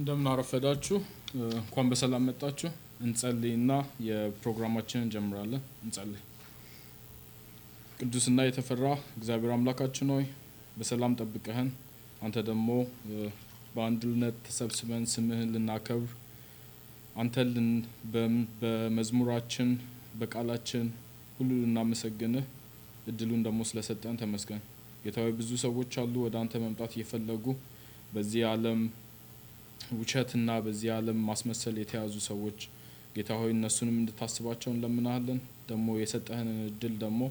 እንደምን አረፈዳችሁ። እንኳን በሰላም መጣችሁ። እንጸልይና የፕሮግራማችንን እንጀምራለን። እንጸልይ። ቅዱስና የተፈራ እግዚአብሔር አምላካችን ሆይ በሰላም ጠብቀህን፣ አንተ ደግሞ በአንድነት ተሰብስበን ስምህን ልናከብር አንተ በመዝሙራችን በቃላችን ሁሉ ልናመሰግንህ እድሉን ደግሞ ስለሰጠን ተመስገን። ጌታዊ ብዙ ሰዎች አሉ ወደ አንተ መምጣት እየፈለጉ በዚህ ዓለም ውቸትና በዚህ ዓለም ማስመሰል የተያዙ ሰዎች ጌታ ሆይ እነሱንም እንድታስባቸው እንለምናሃለን። ደግሞ የሰጠህንን እድል ደግሞ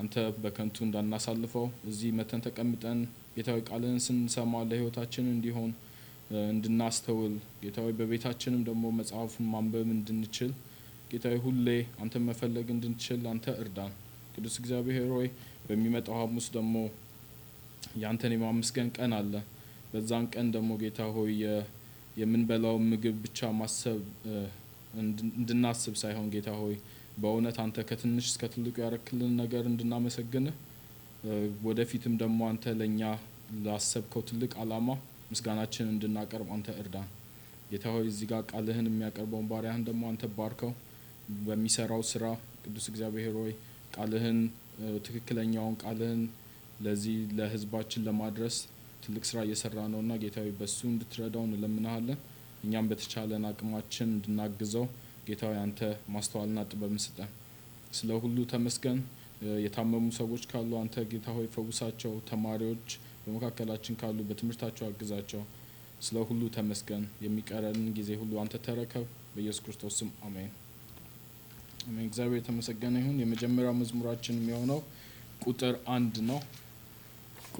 አንተ በከንቱ እንዳናሳልፈው እዚህ መተን ተቀምጠን ጌታ ሆይ ቃልህን ስንሰማ ለህይወታችን እንዲሆን እንድናስተውል ጌታ ሆይ በቤታችንም ደግሞ መጽሐፉን ማንበብ እንድንችል ጌታ ሆይ ሁሌ አንተ መፈለግ እንድንችል አንተ እርዳን። ቅዱስ እግዚአብሔር ሆይ በሚመጣው ሐሙስ ደግሞ ያንተን የማመስገን ቀን አለ። በዛን ቀን ደግሞ ጌታ ሆይ የምንበላው ምግብ ብቻ ማሰብ እንድናስብ ሳይሆን ጌታ ሆይ በእውነት አንተ ከትንሽ እስከ ትልቁ ያረክልን ነገር እንድናመሰግንህ ወደፊትም ደግሞ አንተ ለእኛ ላሰብከው ትልቅ ዓላማ ምስጋናችን እንድናቀርብ አንተ እርዳን። ጌታ ሆይ እዚህ ጋር ቃልህን የሚያቀርበውን ባሪያህን ደግሞ አንተ ባርከው በሚሰራው ስራ ቅዱስ እግዚአብሔር ሆይ ቃልህን ትክክለኛውን ቃልህን ለዚህ ለህዝባችን ለማድረስ ትልቅ ስራ እየሰራ ነው ነውና ጌታዊ በሱ እንድትረዳው እንለምናሃለን። እኛም በተቻለን አቅማችን እንድናግዘው ጌታዊ አንተ ማስተዋልና ጥበብን ስጠን። ስለ ሁሉ ተመስገን። የታመሙ ሰዎች ካሉ አንተ ጌታ ሆይ ፈውሳቸው። ተማሪዎች በመካከላችን ካሉ በትምህርታቸው አግዛቸው። ስለ ሁሉ ተመስገን። የሚቀረን ጊዜ ሁሉ አንተ ተረከብ። በኢየሱስ ክርስቶስ ስም አሜን። አሜን። እግዚአብሔር የተመሰገነ ይሁን። የመጀመሪያው መዝሙራችን የሚሆነው ቁጥር አንድ ነው።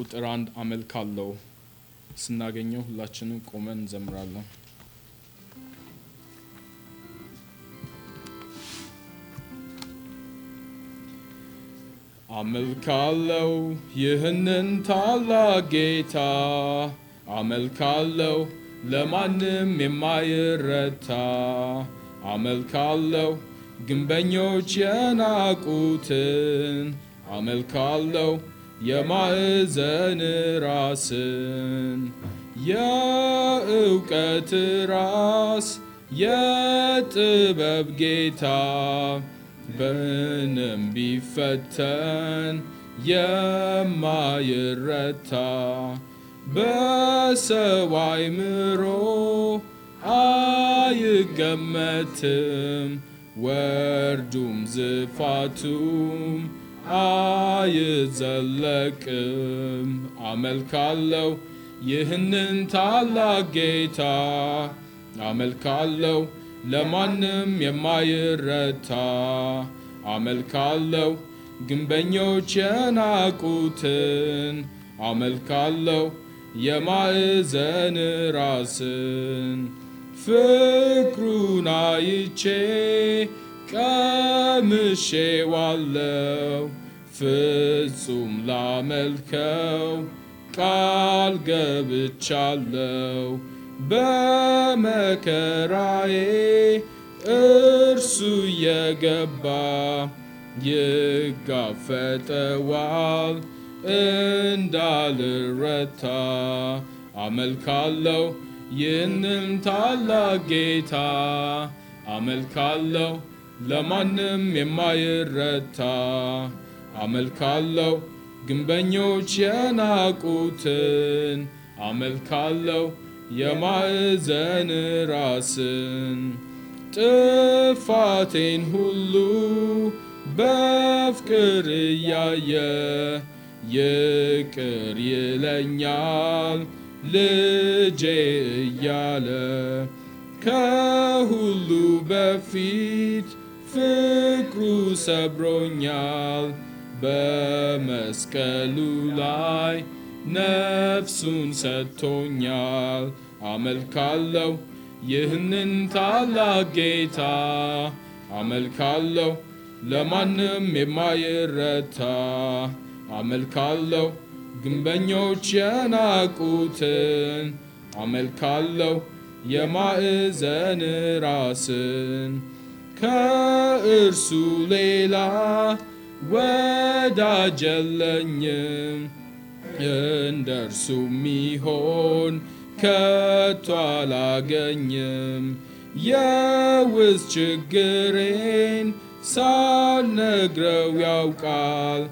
ቁጥር አንድ አመልክ አለው ስናገኘው ሁላችንም ቆመን እንዘምራለን አመልካለው ይህንን ታላቅ ጌታ አመልካለው ለማንም የማይረታ አመልካለው ግንበኞች የናቁትን አመልካለው የማዕዘን ራስን የእውቀት ራስ የጥበብ ጌታ በንም ቢፈተን የማይረታ በሰው አእምሮ አይገመትም ወርዱም ዝፋቱም አይዘለቅም። አመልካለው ይህንን ታላቅ ጌታ አመልካለው ለማንም የማይረታ አመልካለው ግንበኞች የናቁትን አመልካለው የማዕዘን ራስን ፍቅሩን አይቼ ዋለው ፍጹም ላመልከው ቃል ገብቻለው በመከራዬ እርሱ የገባ ይጋፈጠዋል እንዳልረታ አመልካለው ይህንን ታላቅ ጌታ አመልካለው ለማንም የማይረታ አመልካለሁ ግንበኞች የናቁትን አመልካለሁ የማዕዘን ራስን ጥፋቴን ሁሉ በፍቅር እያየ ይቅር ይለኛል ልጄ እያለ ከሁሉ በፊት ፍቅሩ ሰብሮኛል በመስቀሉ ላይ ነፍሱን ሰጥቶኛል። አመልካለሁ ይህንን ታላቅ ጌታ አመልካለሁ ለማንም የማይረታ አመልካለሁ ግንበኞች የናቁትን አመልካለሁ የማዕዘን ራስን ከእርሱ ሌላ ወዳጅ የለኝም እንደ እርሱ ሚሆን ከቶ አላገኝም። የውስጥ ችግሬን ሳልነግረው ያውቃል።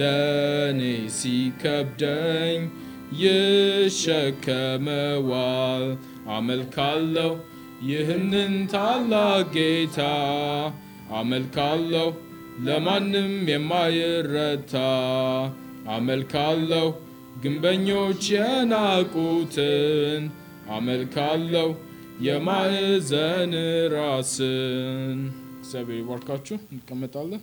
ለእኔ ሲከብደኝ ይሸከመዋል። አመልካለሁ ይህንን ታላቅ ጌታ አመልካለሁ ለማንም የማይረታ አመልካለሁ ግንበኞች የናቁትን አመልካለሁ የማዕዘን ራስን። እግዚአብሔር ይባርካችሁ። እንቀመጣለን።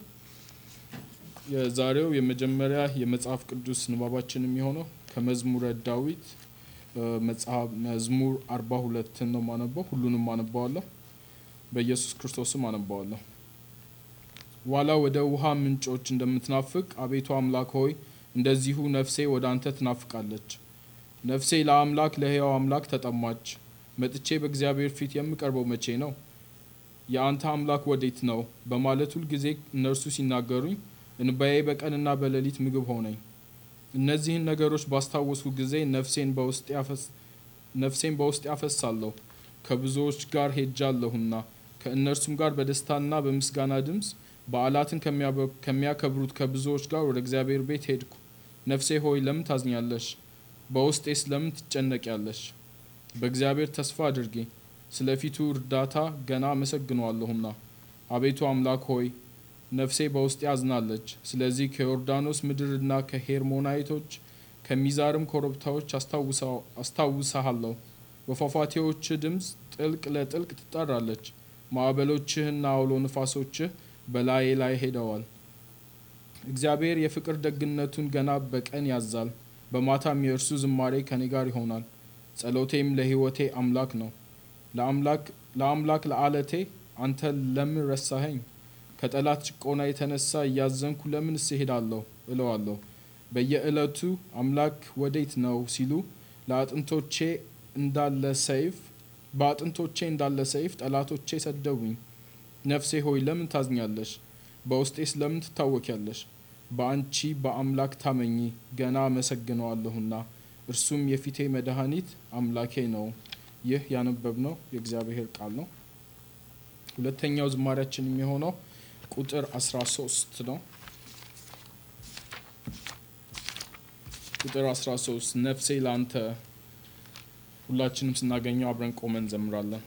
የዛሬው የመጀመሪያ የመጽሐፍ ቅዱስ ንባባችን የሚሆነው ከመዝሙረ ዳዊት መዝሙር አርባ ሁለትን ነው ማነበው። ሁሉንም አነባዋለሁ። በኢየሱስ ክርስቶስም አነባዋለሁ። ዋላ ወደ ውሃ ምንጮች እንደምትናፍቅ አቤቱ አምላክ ሆይ እንደዚሁ ነፍሴ ወደ አንተ ትናፍቃለች። ነፍሴ ለአምላክ ለሕያው አምላክ ተጠማች። መጥቼ በእግዚአብሔር ፊት የምቀርበው መቼ ነው? የአንተ አምላክ ወዴት ነው? በማለት ሁልጊዜ እነርሱ ሲናገሩኝ እንባዬ በቀንና በሌሊት ምግብ ሆነኝ። እነዚህን ነገሮች ባስታወስኩ ጊዜ ነፍሴን በውስጥ ያፈሳለሁ። ከብዙዎች ጋር ሄጃለሁና ከእነርሱም ጋር በደስታና በምስጋና ድምፅ በዓላትን ከሚያከብሩት ከብዙዎች ጋር ወደ እግዚአብሔር ቤት ሄድኩ። ነፍሴ ሆይ ለምን ታዝኛለሽ? በውስጤስ ለምን ትጨነቂያለሽ? በእግዚአብሔር ተስፋ አድርጌ ስለ ፊቱ እርዳታ ገና አመሰግነዋለሁና። አቤቱ አምላክ ሆይ ነፍሴ በውስጤ አዝናለች። ስለዚህ ከዮርዳኖስ ምድርና ከሄርሞናይቶች ከሚዛርም ኮረብታዎች አስታውሰሃለሁ። በፏፏቴዎች ድምፅ ጥልቅ ለጥልቅ ትጠራለች። ማዕበሎችህና አውሎ ንፋሶችህ በላዬ ላይ ሄደዋል። እግዚአብሔር የፍቅር ደግነቱን ገና በቀን ያዛል፣ በማታም የእርሱ ዝማሬ ከኔ ጋር ይሆናል። ጸሎቴም ለሕይወቴ አምላክ ነው። ለአምላክ ለአለቴ አንተ ለምን ረሳኸኝ? ከጠላት ጭቆና የተነሳ እያዘንኩ ለምን እስሄዳለሁ እለዋለሁ። በየዕለቱ አምላክ ወዴት ነው ሲሉ ለአጥንቶቼ እንዳለ ሰይፍ በአጥንቶቼ እንዳለ ሰይፍ ጠላቶቼ ሰደውኝ። ነፍሴ ሆይ ለምን ታዝኛለሽ? በውስጤስ ለምን ትታወኪያለሽ? በአንቺ በአምላክ ታመኚ ገና አመሰግነዋለሁና እርሱም የፊቴ መድኃኒት አምላኬ ነው። ይህ ያነበብነው የእግዚአብሔር ቃል ነው። ሁለተኛው ዝማሪያችን የሚሆነው ቁጥር 13 ነው። ቁጥር 13 ነፍሴ ለአንተ ሁላችንም ስናገኘው አብረን ቆመን እንዘምራለን።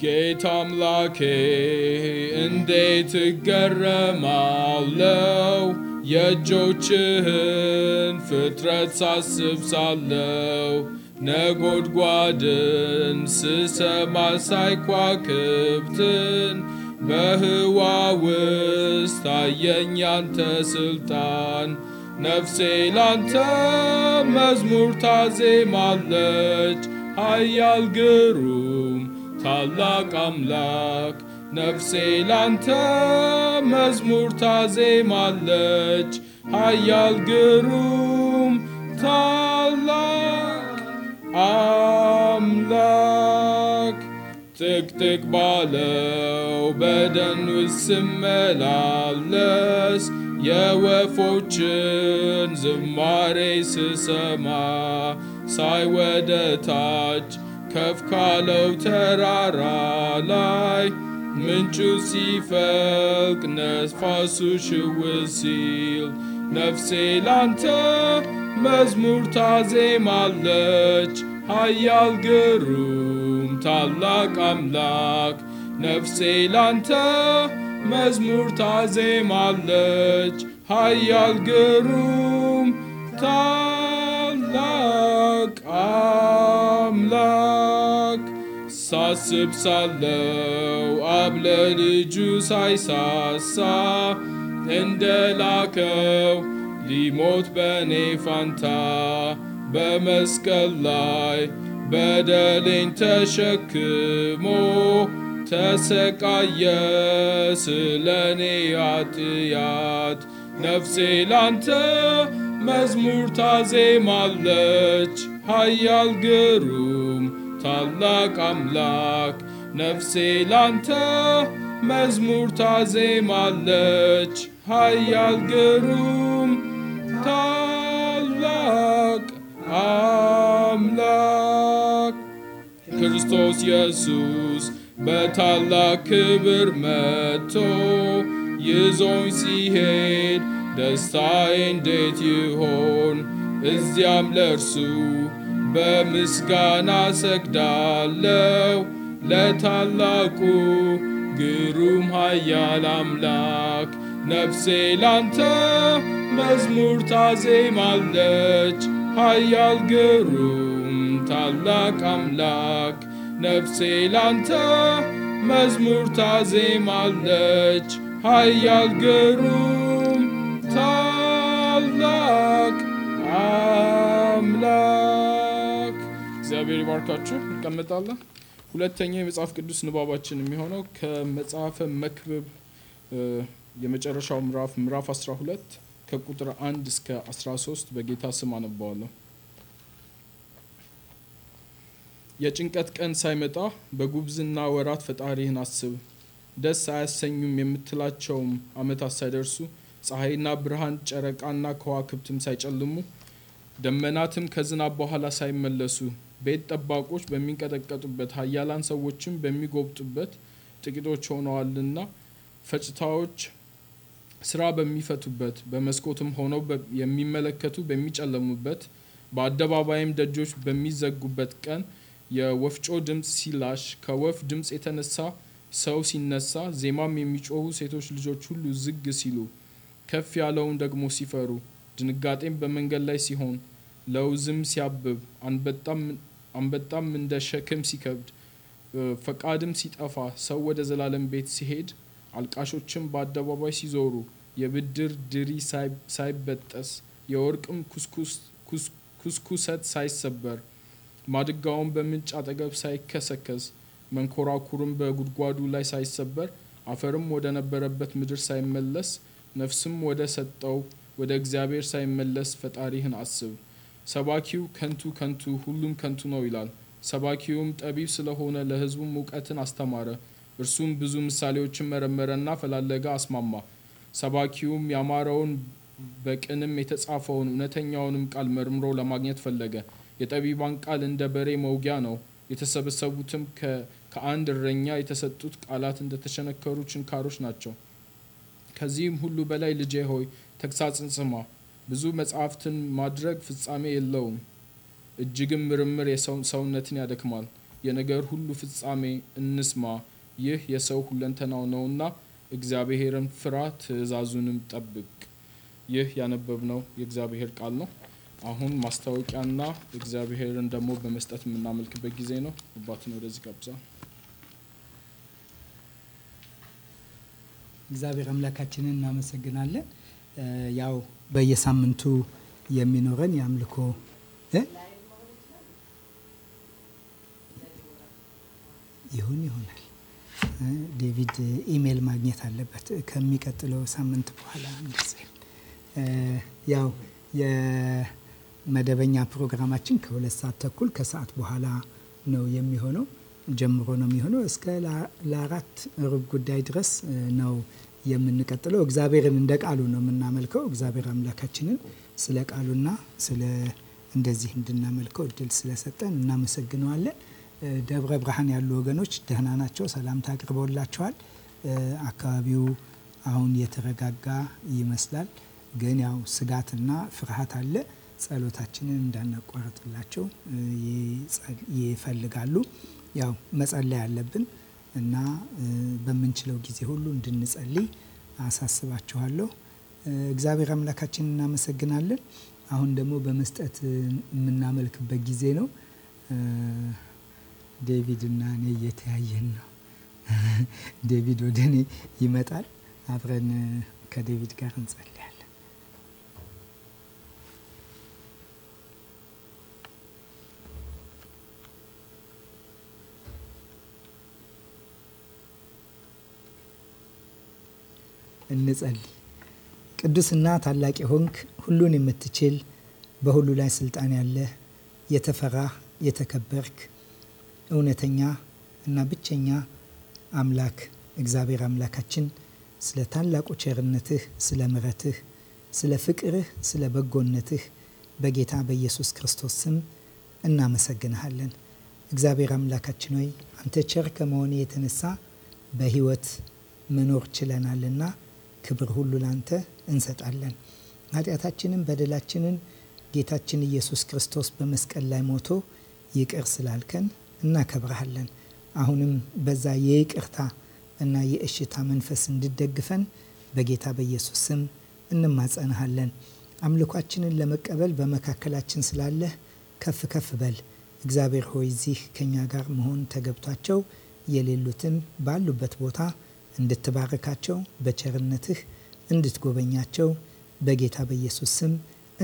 ጌታ አምላኬ እንዴት እገረማለው የእጆችህን ፍጥረት ሳስብ ሳለው ነጎድጓድን ስሰማ ሳይኳክብትን በህዋ ውስጥ ታየኝ ያንተ ስልጣን ነፍሴ ላንተ መዝሙር ታዜማለች ኃያል ግሩም ታላቅ አምላክ ነፍሴ ላንተ መዝሙር ታዜማለች። ኃያል ግሩም ታላቅ አምላክ ጥቅጥቅ ባለው በደን ውስጥ ስመላለስ የወፎችን ዝማሬ ስሰማ ሳይ ወደ ታች ከፍ ካለው ተራራ ላይ ምንጩ ሲፈልቅ ነፋሱ ሽውር ሲል ነፍሴ ላንተ መዝሙር ታዜማለች። ኃያል ግሩም ታላቅ አምላክ ነፍሴ ላንተ መዝሙር ታዜማለች። ኃያል ግሩም ታ ታላቅ አምላክ ሳስብ ሳለው አብ ለልጁ ሳይሳሳ እንደ ላከው ሊሞት በኔ ፋንታ በመስቀል ላይ በደሌን ተሸክሞ ተሰቃየ ስለኔ ኃጢአት ነፍሴ ላንተ መዝሙር ታዜማለች። ኃያል ግሩም ታላቅ አምላክ ነፍሴ ላንተ መዝሙር ታዜማለች። ኃያል ግሩም ታላቅ አምላክ ክርስቶስ ኢየሱስ በታላቅ ክብር መጥቶ ይዞኝ ሲሄድ ደስታዬ እንዴት ይሆን እዚያም ለእርሱ በምስጋና ሰግዳለሁ ለታላቁ ግሩም ኃያል አምላክ ነፍሴ ላንተ መዝሙር ታዜማለች። ኃያል ግሩም ታላቅ አምላክ ነፍሴ ላንተ መዝሙር ታዜማለች። ኃያል ግሩም ታላቅ አምላክ እግዚአብሔር ይባርካችሁ። እንቀመጣለን። ሁለተኛው የመጽሐፍ ቅዱስ ንባባችን የሚሆነው ከመጽሐፈ መክብብ የመጨረሻው ምዕራፍ ምዕራፍ 12 ከቁጥር 1 እስከ 13 በጌታ ስም አነባዋለሁ። የጭንቀት ቀን ሳይመጣ በጉብዝና ወራት ፈጣሪህን አስብ። ደስ አያሰኙም የምትላቸውም አመታት ሳይደርሱ ፀሐይና ብርሃን ጨረቃና ከዋክብትም ሳይጨልሙ ደመናትም ከዝናብ በኋላ ሳይመለሱ ቤት ጠባቆች በሚንቀጠቀጡበት ሀያላን ሰዎችም በሚጎብጡበት ጥቂቶች ሆነዋልና ፈጭታዎች ስራ በሚፈቱበት በመስኮትም ሆነው የሚመለከቱ በሚጨለሙበት በአደባባይም ደጆች በሚዘጉበት ቀን የወፍጮ ድምፅ ሲላሽ ከወፍ ድምፅ የተነሳ ሰው ሲነሳ ዜማም የሚጮሁ ሴቶች ልጆች ሁሉ ዝግ ሲሉ ከፍ ያለውን ደግሞ ሲፈሩ ድንጋጤም በመንገድ ላይ ሲሆን ለውዝም ሲያብብ አንበጣም እንደ ሸክም ሲከብድ ፈቃድም ሲጠፋ ሰው ወደ ዘላለም ቤት ሲሄድ አልቃሾችም በአደባባይ ሲዞሩ የብድር ድሪ ሳይበጠስ የወርቅም ኩስኩሰት ሳይሰበር ማድጋውም በምንጭ አጠገብ ሳይከሰከስ መንኮራኩርም በጉድጓዱ ላይ ሳይሰበር አፈርም ወደ ነበረበት ምድር ሳይመለስ ነፍስም ወደ ሰጠው ወደ እግዚአብሔር ሳይመለስ ፈጣሪህን አስብ። ሰባኪው ከንቱ ከንቱ ሁሉም ከንቱ ነው ይላል። ሰባኪውም ጠቢብ ስለሆነ ለሕዝቡም እውቀትን አስተማረ። እርሱም ብዙ ምሳሌዎችን መረመረና ፈላለገ፣ አስማማ። ሰባኪውም ያማረውን በቅንም የተጻፈውን እውነተኛውንም ቃል መርምሮ ለማግኘት ፈለገ። የጠቢባን ቃል እንደ በሬ መውጊያ ነው። የተሰበሰቡትም ከአንድ እረኛ የተሰጡት ቃላት እንደተሸነከሩ ችንካሮች ናቸው። ከዚህም ሁሉ በላይ ልጄ ሆይ ተግሳጽን ስማ። ብዙ መጽሐፍትን ማድረግ ፍጻሜ የለውም፣ እጅግም ምርምር ሰውነትን ያደክማል። የነገር ሁሉ ፍጻሜ እንስማ፣ ይህ የሰው ሁለንተናው ነውና። እግዚአብሔርን ፍራ፣ ትእዛዙንም ጠብቅ። ይህ ያነበብነው የእግዚአብሔር ቃል ነው። አሁን ማስታወቂያና እግዚአብሔርን ደግሞ በመስጠት የምናመልክበት ጊዜ ነው። አባትን ወደዚህ ጋብዛ እግዚአብሔር አምላካችንን እናመሰግናለን። ያው በየሳምንቱ የሚኖረን የአምልኮ ይሁን ይሆናል። ዴቪድ ኢሜይል ማግኘት አለበት ከሚቀጥለው ሳምንት በኋላ ያው የመደበኛ ፕሮግራማችን ከሁለት ሰዓት ተኩል ከሰዓት በኋላ ነው የሚሆነው። ጀምሮ ነው የሚሆነው። እስከ ለአራት ሩብ ጉዳይ ድረስ ነው የምንቀጥለው። እግዚአብሔርን እንደ ቃሉ ነው የምናመልከው። እግዚአብሔር አምላካችንን ስለ ቃሉና ስለ እንደዚህ እንድናመልከው እድል ስለሰጠን እናመሰግነዋለን። ደብረ ብርሃን ያሉ ወገኖች ደህና ናቸው? ሰላምታ አቅርበውላቸዋል። አካባቢው አሁን የተረጋጋ ይመስላል፣ ግን ያው ስጋትና ፍርሃት አለ። ጸሎታችንን እንዳናቋረጥላቸው ይፈልጋሉ። ያው መጸለይ አለብን እና በምንችለው ጊዜ ሁሉ እንድንጸልይ አሳስባችኋለሁ። እግዚአብሔር አምላካችን እናመሰግናለን። አሁን ደግሞ በመስጠት የምናመልክበት ጊዜ ነው። ዴቪድ እና እኔ እየተያየን ነው። ዴቪድ ወደ እኔ ይመጣል። አብረን ከዴቪድ ጋር እንጸልይ። እንጸልይ። ቅዱስና ታላቅ የሆንክ ሁሉን የምትችል በሁሉ ላይ ስልጣን ያለህ የተፈራህ የተከበርክ እውነተኛ እና ብቸኛ አምላክ እግዚአብሔር አምላካችን ስለ ታላቁ ቸርነትህ፣ ስለ ምረትህ፣ ስለ ፍቅርህ፣ ስለ በጎነትህ በጌታ በኢየሱስ ክርስቶስ ስም እናመሰግንሃለን። እግዚአብሔር አምላካችን ሆይ አንተ ቸር ከመሆን የተነሳ በሕይወት መኖር ችለናልና ክብር ሁሉ ላንተ እንሰጣለን። ኃጢአታችንን በደላችንን ጌታችን ኢየሱስ ክርስቶስ በመስቀል ላይ ሞቶ ይቅር ስላልከን እናከብረሃለን። አሁንም በዛ የይቅርታ እና የእሽታ መንፈስ እንድደግፈን በጌታ በኢየሱስ ስም እንማጸንሃለን። አምልኳችንን ለመቀበል በመካከላችን ስላለህ ከፍ ከፍ በል። እግዚአብሔር ሆይ እዚህ ከኛ ጋር መሆን ተገብቷቸው የሌሉትን ባሉበት ቦታ እንድትባርካቸው በቸርነትህ እንድትጎበኛቸው በጌታ በኢየሱስ ስም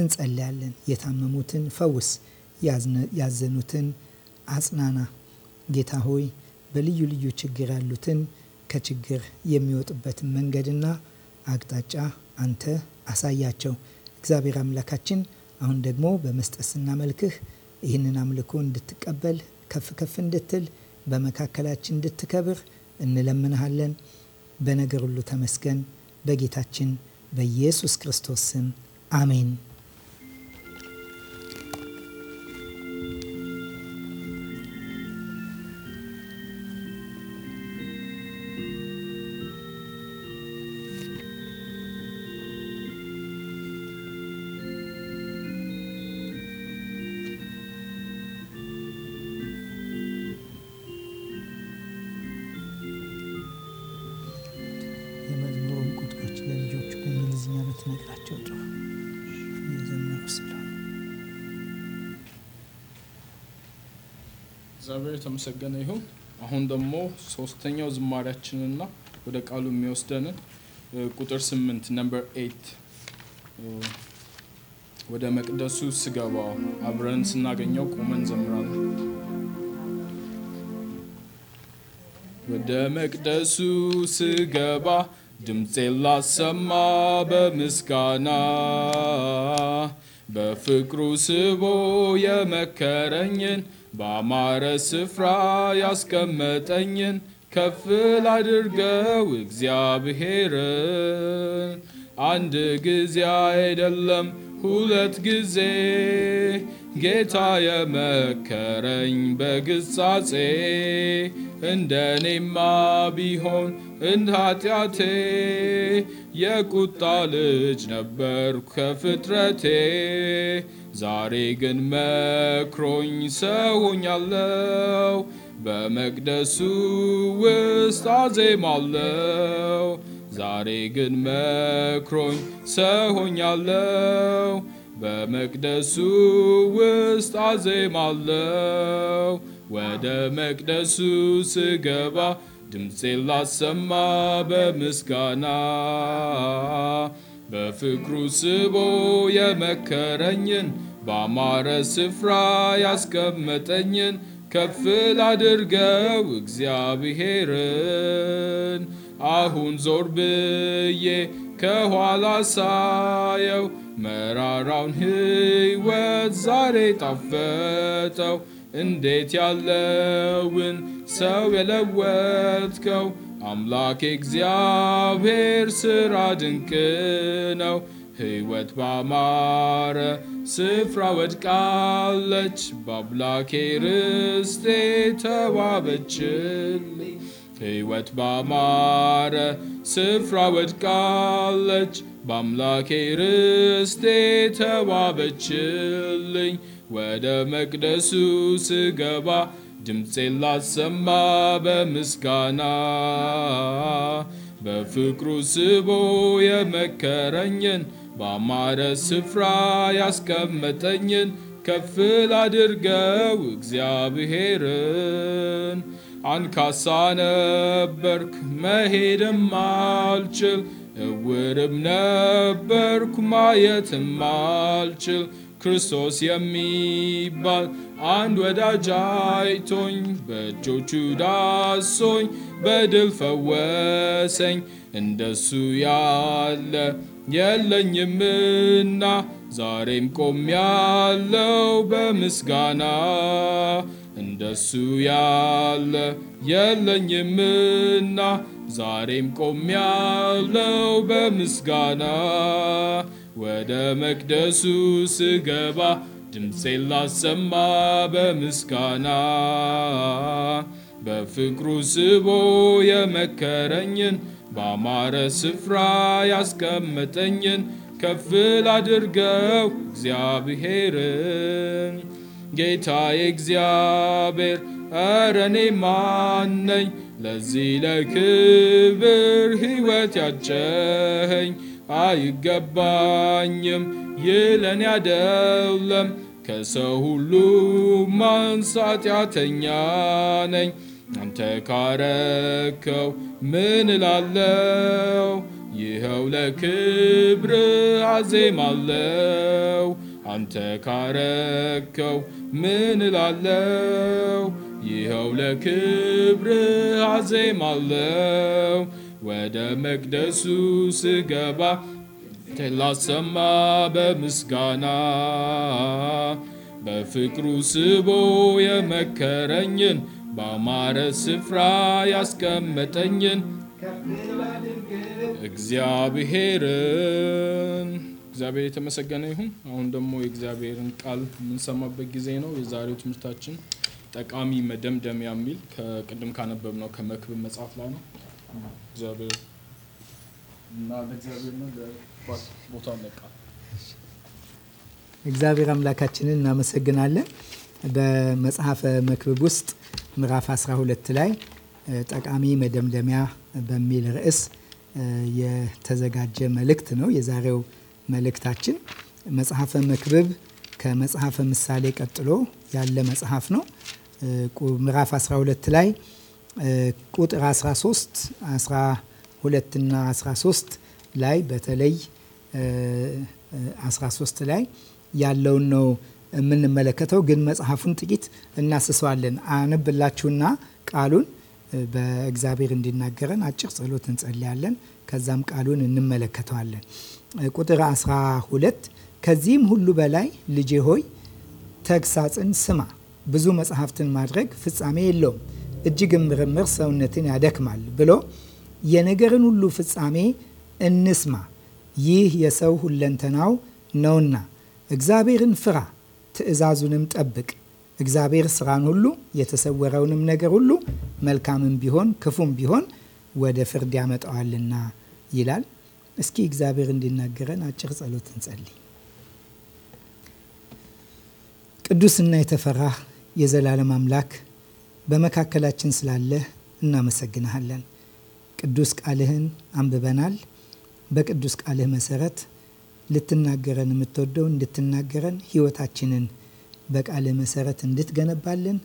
እንጸልያለን። የታመሙትን ፈውስ፣ ያዘኑትን አጽናና። ጌታ ሆይ በልዩ ልዩ ችግር ያሉትን ከችግር የሚወጡበትን መንገድና አቅጣጫ አንተ አሳያቸው። እግዚአብሔር አምላካችን አሁን ደግሞ በመስጠት ስናመልክህ ይህንን አምልኮ እንድትቀበል ከፍ ከፍ እንድትል በመካከላችን እንድትከብር እንለምንሃለን። በነገር ሁሉ ተመስገን። በጌታችን በኢየሱስ ክርስቶስ ስም አሜን። የተመሰገነ ይሁን። አሁን ደግሞ ሶስተኛው ዝማሪያችንና ወደ ቃሉ የሚወስደንን ቁጥር ስምንት ነምበር ኤት ወደ መቅደሱ ስገባ አብረን ስናገኘው ቁመን ዘምራለን። ወደ መቅደሱ ስገባ ድምፄ ላሰማ በምስጋና በፍቅሩ ስቦ የመከረኝን በአማረ ስፍራ ያስቀመጠኝን ከፍ ላድርገው እግዚአብሔርን። አንድ ጊዜ አይደለም ሁለት ጊዜ ጌታ የመከረኝ በግሳጼ እንደኔማ ቢሆን እንደ የቁጣ ልጅ ነበርኩ ከፍጥረቴ ዛሬ ግን መክሮኝ ሰውኛለው፣ በመቅደሱ ውስጥ አዜማለው። ዛሬ ግን መክሮኝ ሰውኛለው፣ በመቅደሱ ውስጥ አዜማለው። ወደ መቅደሱ ስገባ ድምፄ ላሰማ በምስጋና በፍቅሩ ስቦ የመከረኝን በአማረ ስፍራ ያስቀመጠኝን ከፍ ላድርገው እግዚአብሔርን። አሁን ዞር ብዬ ከኋላ ሳየው መራራውን ሕይወት ዛሬ ጣፈጠው። እንዴት ያለውን ሰው የለወጥከው አምላክ እግዚአብሔር ስራ ድንቅ ነው። ሕይወት ባማረ ስፍራ ወድቃለች፣ በአምላኬ ርስቴ ተዋበችል ሕይወት ባማረ ስፍራ ወድቃለች፣ በአምላኬ ርስቴ ተዋበችልኝ። ወደ መቅደሱ ስገባ ድምፄላ ላሰማ በምስጋና በፍቅሩ ስቦ የመከረኝን በአማረ ስፍራ ያስቀመጠኝን ከፍ ላድርገው እግዚአብሔርን። አንካሳ ነበርኩ መሄድም አልችል፣ እውርም ነበርኩ ማየትም አልችል። ክርስቶስ የሚባል አንድ ወዳጅ አይቶኝ በእጆቹ ዳሶኝ በድል ፈወሰኝ። እንደሱ ያለ የለኝምና ዛሬም ያለው በምስጋና። እንደሱ ያለ የለኝምና ዛሬም ያለው በምስጋና። ወደ መቅደሱ ስገባ ድምፄ ላሰማ በምስጋና በፍቅሩ ስቦ የመከረኝን ባማረ ስፍራ ያስቀመጠኝን ከፍ ላድርገው እግዚአብሔርን ጌታ የእግዚአብሔር እረ እኔ ማነኝ ለዚህ ለክብር ሕይወት ያጨኸኝ አይገባኝም ይህ ለእኔ አይደለም ከሰው ሁሉ ማንስ ኃጢአተኛ ነኝ። አንተ ካረከው ምን ላለው ይኸው ለክብር አዜማለው። አንተ ካረከው ምን ላለው ይኸው ለክብር አዜማለው። ወደ መቅደሱ ስገባ ላሰማ በምስጋና በፍቅሩ ስቦ የመከረኝን በአማረ ስፍራ ያስቀመጠኝን እግዚአብሔርን እግዚአብሔር የተመሰገነ ይሁን። አሁን ደግሞ የእግዚአብሔርን ቃል የምንሰማበት ጊዜ ነው። የዛሬው ትምህርታችን ጠቃሚ መደምደሚያ የሚል ከቅድም ካነበብ ነው ከመክብብ መጽሐፍ ላይ ነው። እግዚአብሔር እና ለእግዚአብሔር ነው። እግዚአብሔር አምላካችንን እናመሰግናለን። በመጽሐፈ መክብብ ውስጥ ምዕራፍ 12 ላይ ጠቃሚ መደምደሚያ በሚል ርዕስ የተዘጋጀ መልእክት ነው የዛሬው መልእክታችን። መጽሐፈ መክብብ ከመጽሐፈ ምሳሌ ቀጥሎ ያለ መጽሐፍ ነው። ምዕራፍ 12 ላይ ቁጥር 13፣ 12 ና 13 ላይ በተለይ 13 ላይ ያለውን ነው የምንመለከተው። ግን መጽሐፉን ጥቂት እናስሰዋለን። አነብላችሁና ቃሉን በእግዚአብሔር እንዲናገረን አጭር ጸሎት እንጸልያለን። ከዛም ቃሉን እንመለከተዋለን። ቁጥር 12 ከዚህም ሁሉ በላይ ልጄ ሆይ ተግሳጽን ስማ። ብዙ መጽሐፍትን ማድረግ ፍጻሜ የለውም፣ እጅግ ምርምር ሰውነትን ያደክማል ብሎ የነገርን ሁሉ ፍጻሜ እንስማ ይህ የሰው ሁለንተናው ነውና እግዚአብሔርን ፍራ፣ ትእዛዙንም ጠብቅ። እግዚአብሔር ስራን ሁሉ የተሰወረውንም ነገር ሁሉ መልካምም ቢሆን ክፉም ቢሆን ወደ ፍርድ ያመጣዋልና ይላል። እስኪ እግዚአብሔር እንዲናገረን አጭር ጸሎት እንጸልይ። ቅዱስና የተፈራህ የዘላለም አምላክ በመካከላችን ስላለህ እናመሰግንሃለን። ቅዱስ ቃልህን አንብበናል። በቅዱስ ቃልህ መሰረት ልትናገረን የምትወደው እንድትናገረን ህይወታችንን በቃልህ መሰረት እንድትገነባልን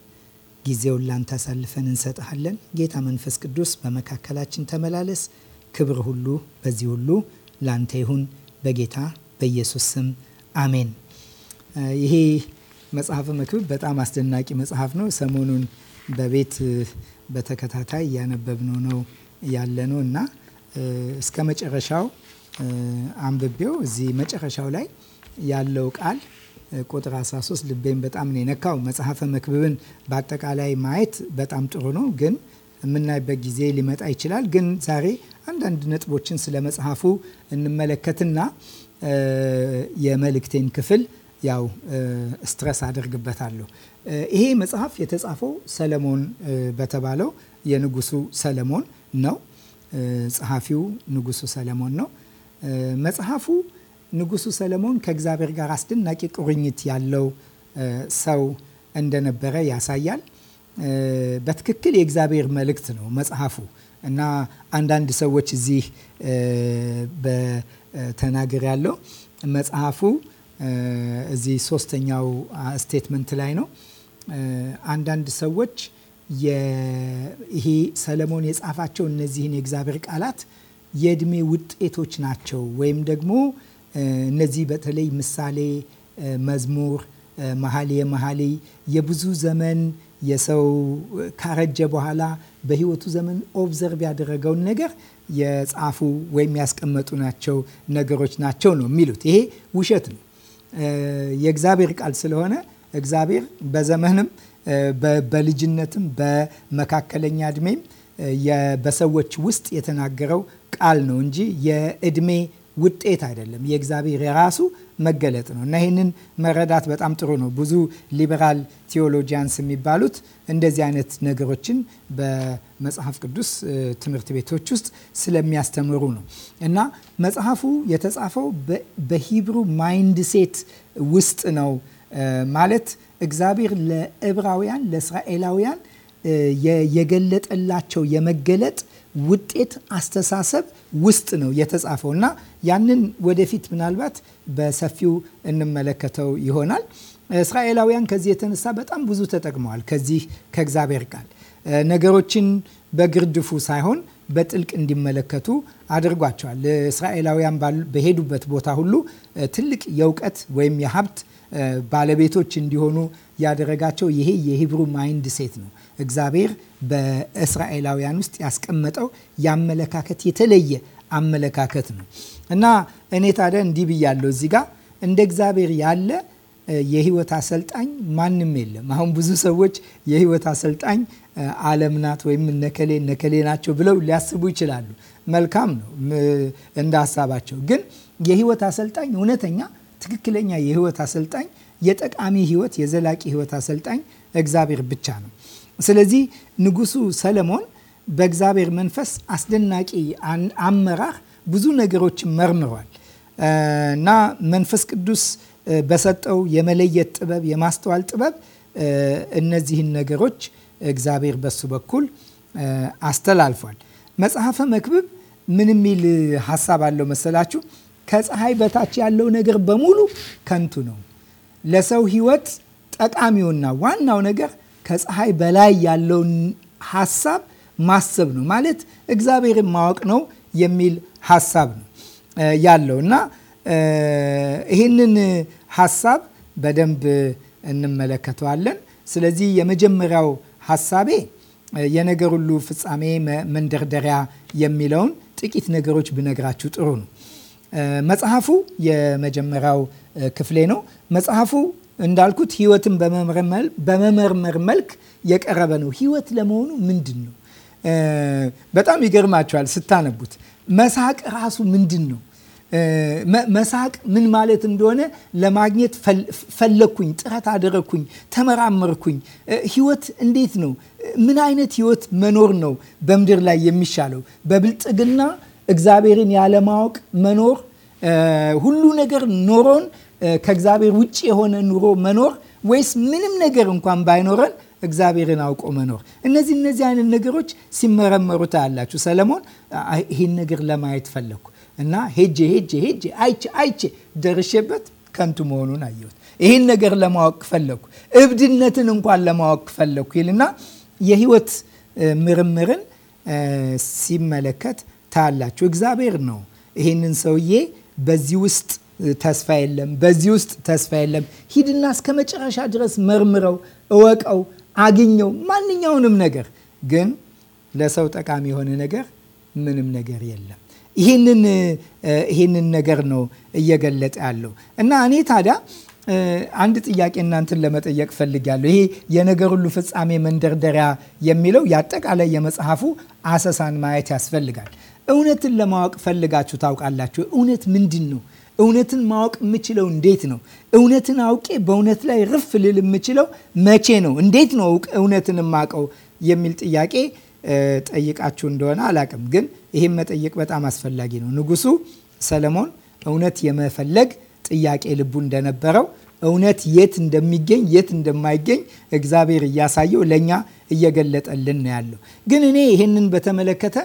ጊዜውን ላንተ አሳልፈን እንሰጥሃለን። ጌታ መንፈስ ቅዱስ በመካከላችን ተመላለስ። ክብር ሁሉ በዚህ ሁሉ ላንተ ይሁን። በጌታ በኢየሱስ ስም አሜን። ይሄ መጽሐፈ መክብብ በጣም አስደናቂ መጽሐፍ ነው። ሰሞኑን በቤት በተከታታይ እያነበብነው ነው ያለ ነው እና እስከ መጨረሻው አንብቤው እዚህ መጨረሻው ላይ ያለው ቃል ቁጥር 13 ልቤን በጣም ነው የነካው። መጽሐፈ መክብብን በአጠቃላይ ማየት በጣም ጥሩ ነው፣ ግን የምናይበት ጊዜ ሊመጣ ይችላል። ግን ዛሬ አንዳንድ ነጥቦችን ስለ መጽሐፉ እንመለከትና የመልእክቴን ክፍል ያው ስትረስ አድርግበታለሁ። ይሄ መጽሐፍ የተጻፈው ሰለሞን በተባለው የንጉሱ ሰለሞን ነው። ጸሐፊው ንጉሱ ሰለሞን ነው። መጽሐፉ ንጉሱ ሰለሞን ከእግዚአብሔር ጋር አስደናቂ ቁርኝት ያለው ሰው እንደነበረ ያሳያል። በትክክል የእግዚአብሔር መልእክት ነው መጽሐፉ እና አንዳንድ ሰዎች እዚህ በተናገር ያለው መጽሐፉ እዚህ ሶስተኛው ስቴትመንት ላይ ነው። አንዳንድ ሰዎች ይሄ ሰለሞን የጻፋቸው እነዚህን የእግዚአብሔር ቃላት የእድሜ ውጤቶች ናቸው ወይም ደግሞ እነዚህ በተለይ ምሳሌ፣ መዝሙር፣ መሀሌ መሀሌ የብዙ ዘመን የሰው ካረጀ በኋላ በህይወቱ ዘመን ኦብዘርቭ ያደረገውን ነገር የጻፉ ወይም ያስቀመጡ ናቸው ነገሮች ናቸው ነው የሚሉት። ይሄ ውሸት ነው። የእግዚአብሔር ቃል ስለሆነ እግዚአብሔር በዘመንም በልጅነትም በመካከለኛ እድሜም በሰዎች ውስጥ የተናገረው ቃል ነው እንጂ የእድሜ ውጤት አይደለም። የእግዚአብሔር የራሱ መገለጥ ነው እና ይህንን መረዳት በጣም ጥሩ ነው። ብዙ ሊበራል ቴዎሎጂያንስ የሚባሉት እንደዚህ አይነት ነገሮችን በመጽሐፍ ቅዱስ ትምህርት ቤቶች ውስጥ ስለሚያስተምሩ ነው እና መጽሐፉ የተጻፈው በሂብሩ ማይንድ ሴት ውስጥ ነው ማለት እግዚአብሔር ለዕብራውያን ለእስራኤላውያን የገለጠላቸው የመገለጥ ውጤት አስተሳሰብ ውስጥ ነው የተጻፈው እና ያንን ወደፊት ምናልባት በሰፊው እንመለከተው ይሆናል። እስራኤላውያን ከዚህ የተነሳ በጣም ብዙ ተጠቅመዋል። ከዚህ ከእግዚአብሔር ቃል ነገሮችን በግርድፉ ሳይሆን በጥልቅ እንዲመለከቱ አድርጓቸዋል። እስራኤላውያን በሄዱበት ቦታ ሁሉ ትልቅ የእውቀት ወይም የሀብት ባለቤቶች እንዲሆኑ ያደረጋቸው ይሄ የሂብሩ ማይንድ ሴት ነው። እግዚአብሔር በእስራኤላውያን ውስጥ ያስቀመጠው የአመለካከት የተለየ አመለካከት ነው እና እኔ ታዲያ እንዲህ ብያለሁ እዚህ ጋር እንደ እግዚአብሔር ያለ የህይወት አሰልጣኝ ማንም የለም። አሁን ብዙ ሰዎች የህይወት አሰልጣኝ ዓለም ናት ወይም ነከሌ ነከሌ ናቸው ብለው ሊያስቡ ይችላሉ። መልካም ነው እንደ ሀሳባቸው። ግን የህይወት አሰልጣኝ እውነተኛ ትክክለኛ የህይወት አሰልጣኝ፣ የጠቃሚ ህይወት፣ የዘላቂ ህይወት አሰልጣኝ እግዚአብሔር ብቻ ነው። ስለዚህ ንጉሱ ሰለሞን በእግዚአብሔር መንፈስ አስደናቂ አመራር ብዙ ነገሮችን መርምሯል እና መንፈስ ቅዱስ በሰጠው የመለየት ጥበብ፣ የማስተዋል ጥበብ እነዚህን ነገሮች እግዚአብሔር በሱ በኩል አስተላልፏል። መጽሐፈ መክብብ ምን የሚል ሀሳብ አለው መሰላችሁ? ከፀሐይ በታች ያለው ነገር በሙሉ ከንቱ ነው። ለሰው ህይወት ጠቃሚውና ዋናው ነገር ከፀሐይ በላይ ያለውን ሀሳብ ማሰብ ነው። ማለት እግዚአብሔርን ማወቅ ነው የሚል ሀሳብ ነው ያለው እና ይህንን ሀሳብ በደንብ እንመለከተዋለን። ስለዚህ የመጀመሪያው ሀሳቤ የነገር ሁሉ ፍጻሜ መንደርደሪያ የሚለውን ጥቂት ነገሮች ብነግራችሁ ጥሩ ነው። መጽሐፉ የመጀመሪያው ክፍሌ ነው። መጽሐፉ እንዳልኩት ህይወትን በመመርመር መልክ የቀረበ ነው። ህይወት ለመሆኑ ምንድን ነው? በጣም ይገርማቸዋል ስታነቡት። መሳቅ ራሱ ምንድን ነው? መሳቅ ምን ማለት እንደሆነ ለማግኘት ፈለግኩኝ፣ ጥረት አደረግኩኝ፣ ተመራመርኩኝ። ህይወት እንዴት ነው? ምን አይነት ህይወት መኖር ነው በምድር ላይ የሚሻለው? በብልጥግና እግዚአብሔርን ያለማወቅ መኖር፣ ሁሉ ነገር ኖሮን ከእግዚአብሔር ውጭ የሆነ ኑሮ መኖር ወይስ ምንም ነገር እንኳን ባይኖረን እግዚአብሔርን አውቆ መኖር። እነዚህ እነዚህ አይነት ነገሮች ሲመረመሩ ታያላችሁ። ሰለሞን ይህን ነገር ለማየት ፈለግኩ እና ሄጄ ሄጄ ሄጄ አይቼ አይቼ ደርሼበት ከንቱ መሆኑን አየሁት። ይህን ነገር ለማወቅ ፈለግኩ፣ እብድነትን እንኳን ለማወቅ ፈለግኩ ይልና የህይወት ምርምርን ሲመለከት ታያላችሁ። እግዚአብሔር ነው ይሄንን ሰውዬ በዚህ ውስጥ ተስፋ የለም፣ በዚህ ውስጥ ተስፋ የለም፣ ሂድና እስከ መጨረሻ ድረስ መርምረው፣ እወቀው፣ አግኘው ማንኛውንም ነገር ግን ለሰው ጠቃሚ የሆነ ነገር ምንም ነገር የለም። ይህንን ነገር ነው እየገለጠ ያለው እና እኔ ታዲያ አንድ ጥያቄ እናንትን ለመጠየቅ ፈልጊያለሁ። ይሄ የነገር ሁሉ ፍጻሜ መንደርደሪያ የሚለው የአጠቃላይ የመጽሐፉ አሰሳን ማየት ያስፈልጋል። እውነትን ለማወቅ ፈልጋችሁ ታውቃላችሁ? እውነት ምንድን ነው? እውነትን ማወቅ የምችለው እንዴት ነው? እውነትን አውቄ በእውነት ላይ ርፍ ልል የምችለው መቼ ነው? እንዴት ነው እውነትን የማውቀው የሚል ጥያቄ ጠይቃችሁ እንደሆነ አላቅም፣ ግን ይህም መጠየቅ በጣም አስፈላጊ ነው። ንጉሱ ሰለሞን እውነት የመፈለግ ጥያቄ ልቡ እንደነበረው እውነት የት እንደሚገኝ የት እንደማይገኝ እግዚአብሔር እያሳየው ለእኛ እየገለጠልን ነው ያለው። ግን እኔ ይህንን በተመለከተ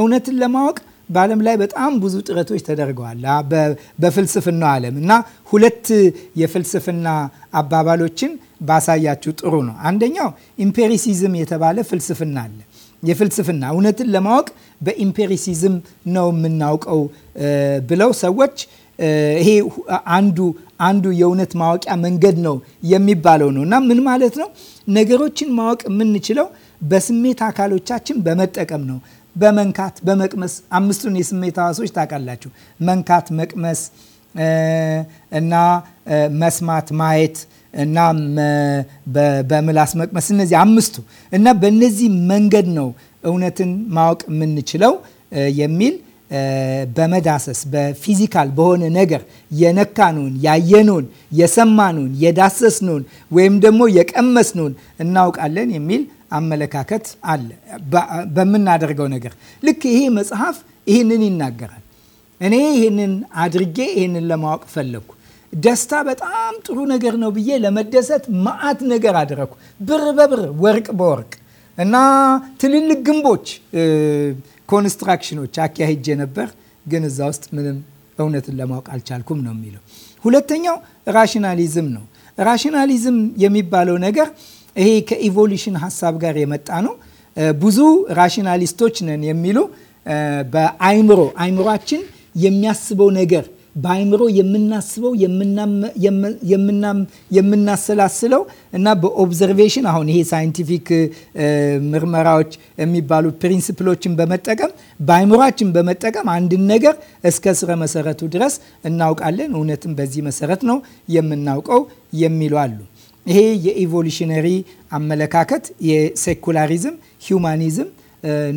እውነትን ለማወቅ በዓለም ላይ በጣም ብዙ ጥረቶች ተደርገዋል በፍልስፍና ዓለም እና ሁለት የፍልስፍና አባባሎችን ባሳያችሁ ጥሩ ነው። አንደኛው ኢምፔሪሲዝም የተባለ ፍልስፍና አለ። የፍልስፍና እውነትን ለማወቅ በኢምፔሪሲዝም ነው የምናውቀው ብለው ሰዎች ይሄ አንዱ አንዱ የእውነት ማወቂያ መንገድ ነው የሚባለው ነው እና ምን ማለት ነው? ነገሮችን ማወቅ የምንችለው በስሜት አካሎቻችን በመጠቀም ነው በመንካት በመቅመስ አምስቱን የስሜት ሀዋሶች ታውቃላችሁ። መንካት፣ መቅመስ እና መስማት፣ ማየት እና በምላስ መቅመስ እነዚህ አምስቱ እና በእነዚህ መንገድ ነው እውነትን ማወቅ የምንችለው የሚል በመዳሰስ በፊዚካል በሆነ ነገር የነካነውን፣ ያየነውን፣ የሰማነውን፣ የዳሰስነውን ወይም ደግሞ የቀመስነውን እናውቃለን የሚል አመለካከት አለ በምናደርገው ነገር። ልክ ይሄ መጽሐፍ ይህንን ይናገራል። እኔ ይህንን አድርጌ ይህንን ለማወቅ ፈለግኩ። ደስታ በጣም ጥሩ ነገር ነው ብዬ ለመደሰት ማአት ነገር አድረግኩ። ብር በብር ወርቅ በወርቅ እና ትልልቅ ግንቦች ኮንስትራክሽኖች አካሄጄ ነበር፣ ግን እዛ ውስጥ ምንም እውነትን ለማወቅ አልቻልኩም ነው የሚለው። ሁለተኛው ራሽናሊዝም ነው። ራሽናሊዝም የሚባለው ነገር ይሄ ከኢቮሉሽን ሀሳብ ጋር የመጣ ነው። ብዙ ራሽናሊስቶች ነን የሚሉ በአይምሮ አይምሯችን የሚያስበው ነገር በአይምሮ የምናስበው የምናሰላስለው እና በኦብዘርቬሽን አሁን ይሄ ሳይንቲፊክ ምርመራዎች የሚባሉ ፕሪንስፕሎችን በመጠቀም በአይምሯችን በመጠቀም አንድን ነገር እስከ ስረ መሰረቱ ድረስ እናውቃለን። እውነትም በዚህ መሰረት ነው የምናውቀው የሚሉ አሉ። ይሄ የኢቮሉሽነሪ አመለካከት የሴኩላሪዝም፣ ሂውማኒዝም፣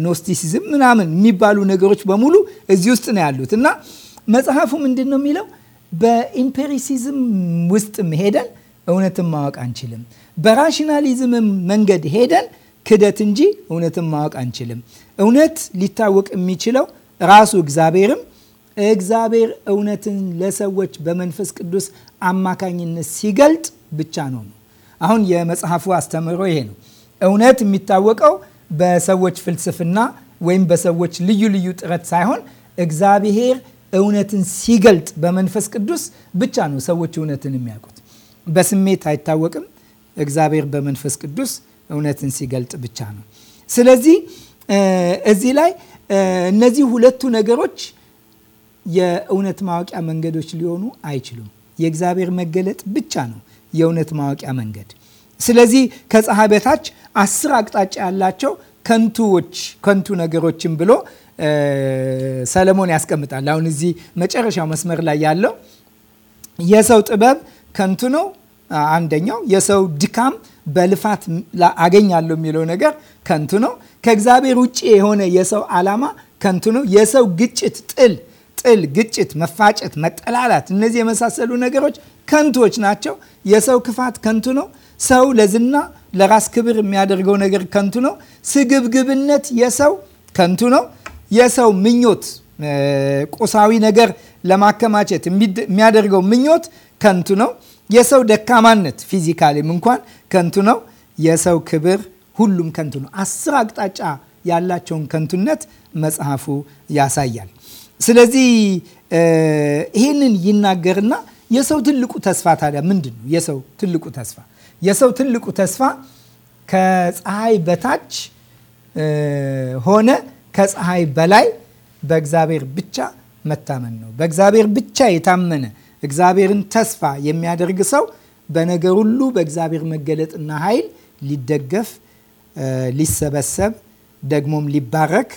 ኖስቲሲዝም ምናምን የሚባሉ ነገሮች በሙሉ እዚህ ውስጥ ነው ያሉት እና መጽሐፉ ምንድን ነው የሚለው በኢምፔሪሲዝም ውስጥ ሄደን እውነትን ማወቅ አንችልም። በራሽናሊዝም መንገድ ሄደን ክደት እንጂ እውነትን ማወቅ አንችልም። እውነት ሊታወቅ የሚችለው ራሱ እግዚአብሔርም እግዚአብሔር እውነትን ለሰዎች በመንፈስ ቅዱስ አማካኝነት ሲገልጥ ብቻ ነው። አሁን የመጽሐፉ አስተምህሮ ይሄ ነው። እውነት የሚታወቀው በሰዎች ፍልስፍና ወይም በሰዎች ልዩ ልዩ ጥረት ሳይሆን እግዚአብሔር እውነትን ሲገልጥ በመንፈስ ቅዱስ ብቻ ነው ሰዎች እውነትን የሚያውቁት። በስሜት አይታወቅም። እግዚአብሔር በመንፈስ ቅዱስ እውነትን ሲገልጥ ብቻ ነው። ስለዚህ እዚህ ላይ እነዚህ ሁለቱ ነገሮች የእውነት ማወቂያ መንገዶች ሊሆኑ አይችሉም። የእግዚአብሔር መገለጥ ብቻ ነው የእውነት ማወቂያ መንገድ። ስለዚህ ከፀሐይ በታች አስር አቅጣጫ ያላቸው ከንቱዎች ከንቱ ነገሮችን ብሎ ሰለሞን ያስቀምጣል። አሁን እዚህ መጨረሻው መስመር ላይ ያለው የሰው ጥበብ ከንቱ ነው አንደኛው። የሰው ድካም በልፋት አገኛለሁ የሚለው ነገር ከንቱ ነው። ከእግዚአብሔር ውጭ የሆነ የሰው ዓላማ ከንቱ ነው። የሰው ግጭት፣ ጥል ጥል፣ ግጭት፣ መፋጨት፣ መጠላላት እነዚህ የመሳሰሉ ነገሮች ከንቶች ናቸው። የሰው ክፋት ከንቱ ነው። ሰው ለዝና ለራስ ክብር የሚያደርገው ነገር ከንቱ ነው። ስግብግብነት የሰው ከንቱ ነው። የሰው ምኞት ቁሳዊ ነገር ለማከማቸት የሚያደርገው ምኞት ከንቱ ነው። የሰው ደካማነት ፊዚካሊም እንኳን ከንቱ ነው። የሰው ክብር ሁሉም ከንቱ ነው። አስር አቅጣጫ ያላቸውን ከንቱነት መጽሐፉ ያሳያል። ስለዚህ ይህንን ይናገርና የሰው ትልቁ ተስፋ ታዲያ ምንድን ነው? የሰው ትልቁ ተስፋ የሰው ትልቁ ተስፋ ከፀሐይ በታች ሆነ ከፀሐይ በላይ በእግዚአብሔር ብቻ መታመን ነው። በእግዚአብሔር ብቻ የታመነ እግዚአብሔርን ተስፋ የሚያደርግ ሰው በነገር ሁሉ በእግዚአብሔር መገለጥና ኃይል ሊደገፍ ሊሰበሰብ ደግሞም ሊባረክ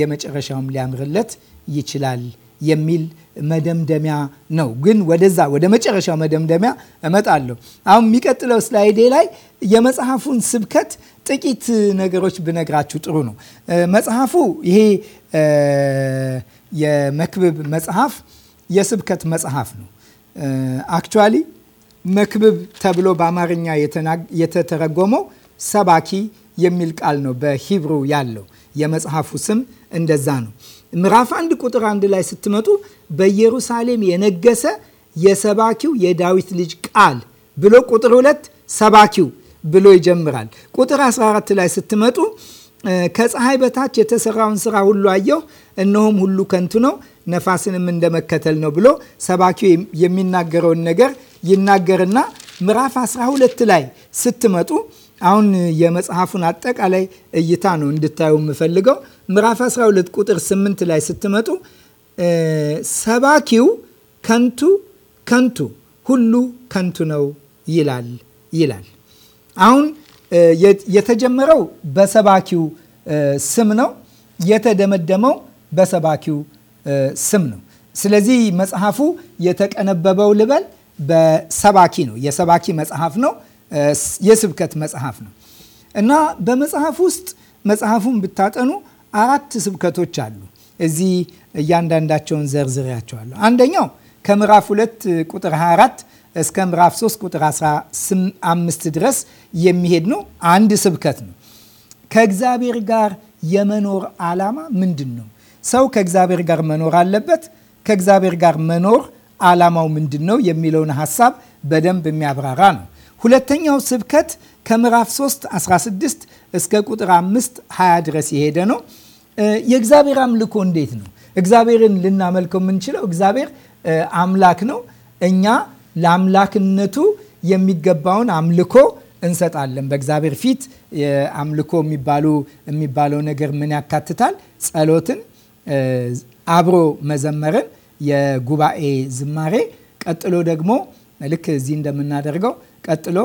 የመጨረሻውም ሊያምርለት ይችላል የሚል መደምደሚያ ነው። ግን ወደዛ ወደ መጨረሻው መደምደሚያ እመጣለሁ። አሁን የሚቀጥለው ስላይዴ ላይ የመጽሐፉን ስብከት ጥቂት ነገሮች ብነግራችሁ ጥሩ ነው። መጽሐፉ ይሄ የመክብብ መጽሐፍ የስብከት መጽሐፍ ነው። አክቹዋሊ መክብብ ተብሎ በአማርኛ የተተረጎመው ሰባኪ የሚል ቃል ነው በሂብሩ ያለው የመጽሐፉ ስም እንደዛ ነው። ምዕራፍ አንድ ቁጥር አንድ ላይ ስትመጡ በኢየሩሳሌም የነገሰ የሰባኪው የዳዊት ልጅ ቃል ብሎ ቁጥር ሁለት ሰባኪው ብሎ ይጀምራል። ቁጥር 14 ላይ ስትመጡ ከፀሐይ በታች የተሰራውን ስራ ሁሉ አየሁ፣ እነሆም ሁሉ ከንቱ ነው፣ ነፋስንም እንደመከተል ነው ብሎ ሰባኪው የሚናገረውን ነገር ይናገርና ምዕራፍ 12 ላይ ስትመጡ አሁን የመጽሐፉን አጠቃላይ እይታ ነው እንድታዩ የምፈልገው። ምዕራፍ 12 ቁጥር 8 ላይ ስትመጡ ሰባኪው ከንቱ ከንቱ ሁሉ ከንቱ ነው ይላል ይላል። አሁን የተጀመረው በሰባኪው ስም ነው፣ የተደመደመው በሰባኪው ስም ነው። ስለዚህ መጽሐፉ የተቀነበበው ልበል በሰባኪ ነው። የሰባኪ መጽሐፍ ነው። የስብከት መጽሐፍ ነው እና በመጽሐፍ ውስጥ መጽሐፉን ብታጠኑ አራት ስብከቶች አሉ። እዚህ እያንዳንዳቸውን ዘርዝሬያቸዋለሁ። አንደኛው ከምዕራፍ 2 ቁጥር 24 እስከ ምዕራፍ 3 ቁጥር 15 ድረስ የሚሄድ ነው። አንድ ስብከት ነው። ከእግዚአብሔር ጋር የመኖር ዓላማ ምንድን ነው? ሰው ከእግዚአብሔር ጋር መኖር አለበት። ከእግዚአብሔር ጋር መኖር ዓላማው ምንድን ነው የሚለውን ሀሳብ በደንብ የሚያብራራ ነው። ሁለተኛው ስብከት ከምዕራፍ 3 16 እስከ ቁጥር 5 20 ድረስ የሄደ ነው። የእግዚአብሔር አምልኮ እንዴት ነው? እግዚአብሔርን ልናመልከው የምንችለው እግዚአብሔር አምላክ ነው። እኛ ለአምላክነቱ የሚገባውን አምልኮ እንሰጣለን። በእግዚአብሔር ፊት አምልኮ የሚባለው ነገር ምን ያካትታል? ጸሎትን፣ አብሮ መዘመርን፣ የጉባኤ ዝማሬ፣ ቀጥሎ ደግሞ ልክ እዚህ እንደምናደርገው ቀጥሎ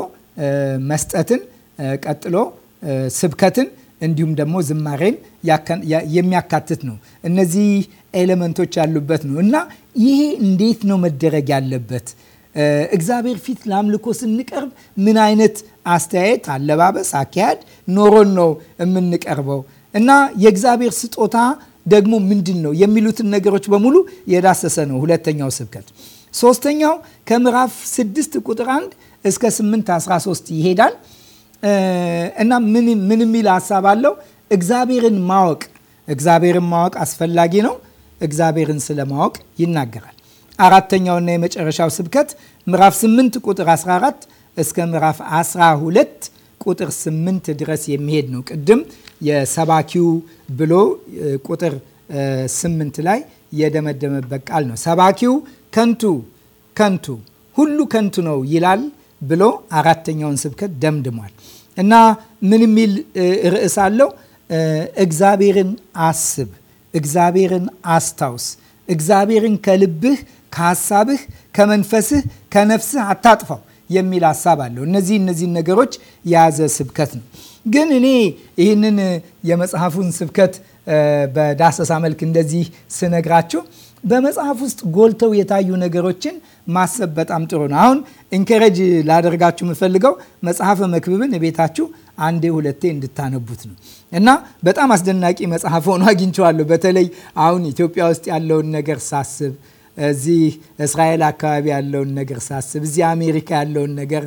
መስጠትን፣ ቀጥሎ ስብከትን እንዲሁም ደግሞ ዝማሬን የሚያካትት ነው። እነዚህ ኤሌመንቶች ያሉበት ነው እና ይሄ እንዴት ነው መደረግ ያለበት? እግዚአብሔር ፊት ለአምልኮ ስንቀርብ ምን አይነት አስተያየት፣ አለባበስ፣ አካሄድ ኖሮን ነው የምንቀርበው እና የእግዚአብሔር ስጦታ ደግሞ ምንድን ነው የሚሉትን ነገሮች በሙሉ የዳሰሰ ነው ሁለተኛው ስብከት። ሶስተኛው ከምዕራፍ ስድስት ቁጥር አንድ እስከ 8 13 ይሄዳል እና ምን የሚል ሀሳብ አለው? እግዚአብሔርን ማወቅ እግዚአብሔርን ማወቅ አስፈላጊ ነው። እግዚአብሔርን ስለማወቅ ይናገራል። አራተኛውና የመጨረሻው ስብከት ምዕራፍ 8 ቁጥር 14 እስከ ምዕራፍ 12 ቁጥር 8 ድረስ የሚሄድ ነው። ቅድም የሰባኪው ብሎ ቁጥር 8 ላይ የደመደመበት ቃል ነው። ሰባኪው ከንቱ ከንቱ ሁሉ ከንቱ ነው ይላል ብሎ አራተኛውን ስብከት ደምድሟል እና ምን የሚል ርዕስ አለው? እግዚአብሔርን አስብ፣ እግዚአብሔርን አስታውስ፣ እግዚአብሔርን ከልብህ፣ ከሀሳብህ፣ ከመንፈስህ፣ ከነፍስህ አታጥፋው የሚል ሀሳብ አለው። እነዚህ እነዚህን ነገሮች የያዘ ስብከት ነው። ግን እኔ ይህንን የመጽሐፉን ስብከት በዳሰሳ መልክ እንደዚህ ስነግራችሁ በመጽሐፍ ውስጥ ጎልተው የታዩ ነገሮችን ማሰብ በጣም ጥሩ ነው። አሁን ኢንከረጅ ላደርጋችሁ የምፈልገው መጽሐፈ መክብብን ቤታችሁ አንዴ ሁለቴ እንድታነቡት ነው እና በጣም አስደናቂ መጽሐፍ ሆኖ አግኝቼዋለሁ። በተለይ አሁን ኢትዮጵያ ውስጥ ያለውን ነገር ሳስብ እዚህ እስራኤል አካባቢ ያለውን ነገር ሳስብ፣ እዚህ አሜሪካ ያለውን ነገር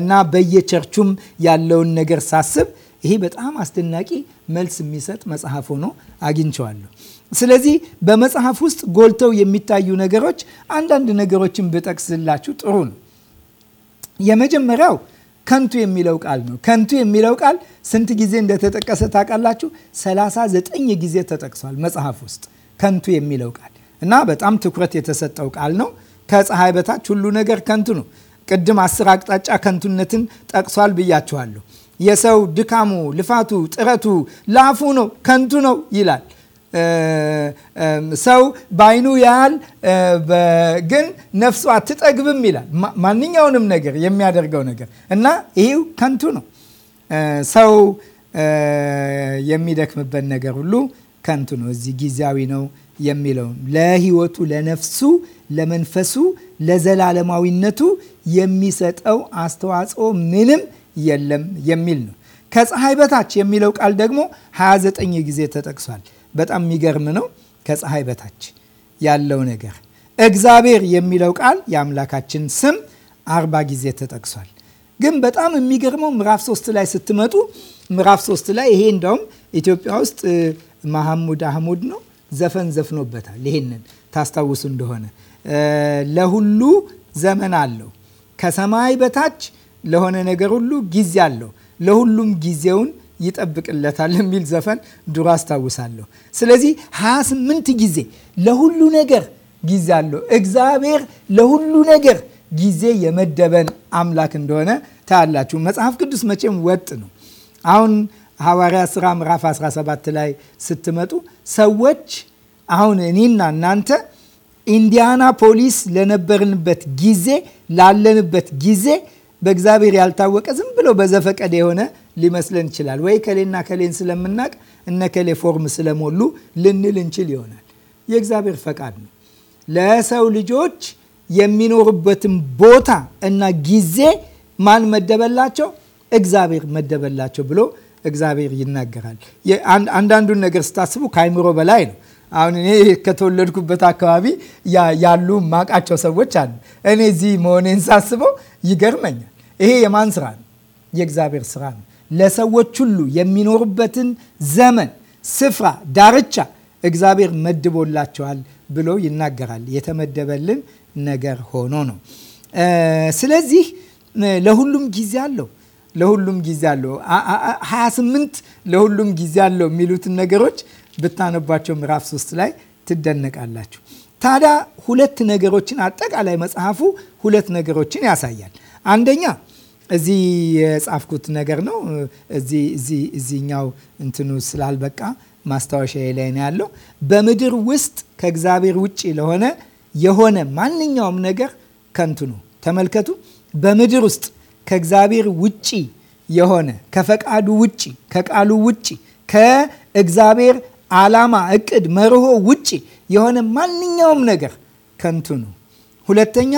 እና በየቸርቹም ያለውን ነገር ሳስብ፣ ይሄ በጣም አስደናቂ መልስ የሚሰጥ መጽሐፍ ሆኖ አግኝቸዋለሁ። ስለዚህ በመጽሐፍ ውስጥ ጎልተው የሚታዩ ነገሮች አንዳንድ ነገሮችን ብጠቅስላችሁ ጥሩ ነው። የመጀመሪያው ከንቱ የሚለው ቃል ነው። ከንቱ የሚለው ቃል ስንት ጊዜ እንደተጠቀሰ ታውቃላችሁ? 39 ጊዜ ተጠቅሷል መጽሐፍ ውስጥ ከንቱ የሚለው ቃል እና በጣም ትኩረት የተሰጠው ቃል ነው። ከፀሐይ በታች ሁሉ ነገር ከንቱ ነው። ቅድም አስር አቅጣጫ ከንቱነትን ጠቅሷል ብያችኋለሁ። የሰው ድካሙ፣ ልፋቱ፣ ጥረቱ ላፉ ነው ከንቱ ነው ይላል። ሰው ባይኑ ያህል ግን ነፍሱ አትጠግብም ይላል። ማንኛውንም ነገር የሚያደርገው ነገር እና ይህው ከንቱ ነው። ሰው የሚደክምበት ነገር ሁሉ ከንቱ ነው። እዚህ ጊዜያዊ ነው የሚለው ለህይወቱ ለነፍሱ፣ ለመንፈሱ፣ ለዘላለማዊነቱ የሚሰጠው አስተዋጽኦ ምንም የለም የሚል ነው። ከፀሐይ በታች የሚለው ቃል ደግሞ 29 ጊዜ ተጠቅሷል። በጣም የሚገርም ነው። ከፀሐይ በታች ያለው ነገር እግዚአብሔር የሚለው ቃል የአምላካችን ስም አርባ ጊዜ ተጠቅሷል። ግን በጣም የሚገርመው ምዕራፍ ሶስት ላይ ስትመጡ ምዕራፍ ሶስት ላይ ይሄ እንደውም ኢትዮጵያ ውስጥ መሐሙድ አህሙድ ነው ዘፈን ዘፍኖበታል። ይሄንን ታስታውሱ እንደሆነ ለሁሉ ዘመን አለው ከሰማይ በታች ለሆነ ነገር ሁሉ ጊዜ አለው ለሁሉም ጊዜውን ይጠብቅለታል የሚል ዘፈን ድሮ አስታውሳለሁ። ስለዚህ 28 ጊዜ ለሁሉ ነገር ጊዜ አለው። እግዚአብሔር ለሁሉ ነገር ጊዜ የመደበን አምላክ እንደሆነ ታያላችሁ። መጽሐፍ ቅዱስ መቼም ወጥ ነው። አሁን ሐዋርያ ሥራ ምዕራፍ 17 ላይ ስትመጡ ሰዎች አሁን እኔና እናንተ ኢንዲያና ፖሊስ ለነበርንበት ጊዜ ላለንበት ጊዜ በእግዚአብሔር ያልታወቀ ዝም ብሎ በዘፈቀደ የሆነ ሊመስለን ይችላል። ወይ ከሌና ከሌን ስለምናቅ እነ ከሌ ፎርም ስለሞሉ ልንል እንችል ይሆናል። የእግዚአብሔር ፈቃድ ነው። ለሰው ልጆች የሚኖሩበትን ቦታ እና ጊዜ ማን መደበላቸው? እግዚአብሔር መደበላቸው ብሎ እግዚአብሔር ይናገራል። አንዳንዱን ነገር ስታስቡ ከአይምሮ በላይ ነው። አሁን እኔ ከተወለድኩበት አካባቢ ያሉ ማቃቸው ሰዎች አሉ። እኔ እዚህ መሆኔን ሳስበው ይገርመኛል። ይሄ የማን ስራ ነው? የእግዚአብሔር ስራ ነው። ለሰዎች ሁሉ የሚኖሩበትን ዘመን፣ ስፍራ፣ ዳርቻ እግዚአብሔር መድቦላቸዋል ብሎ ይናገራል። የተመደበልን ነገር ሆኖ ነው። ስለዚህ ለሁሉም ጊዜ አለው ለሁሉም ጊዜ አለው 28 ለሁሉም ጊዜ አለው የሚሉትን ነገሮች ብታነቧቸው ምዕራፍ 3 ላይ ትደነቃላችሁ። ታዲያ ሁለት ነገሮችን አጠቃላይ መጽሐፉ ሁለት ነገሮችን ያሳያል። አንደኛ እዚህ የጻፍኩት ነገር ነው። እዚህኛው እንትኑ ስላልበቃ ማስታወሻ ላይ ነው ያለው። በምድር ውስጥ ከእግዚአብሔር ውጭ ለሆነ የሆነ ማንኛውም ነገር ከንቱ ነው። ተመልከቱ። በምድር ውስጥ ከእግዚአብሔር ውጭ የሆነ ከፈቃዱ ውጭ ከቃሉ ውጭ ከእግዚአብሔር ዓላማ፣ እቅድ፣ መርሆ ውጪ የሆነ ማንኛውም ነገር ከንቱ ነው። ሁለተኛ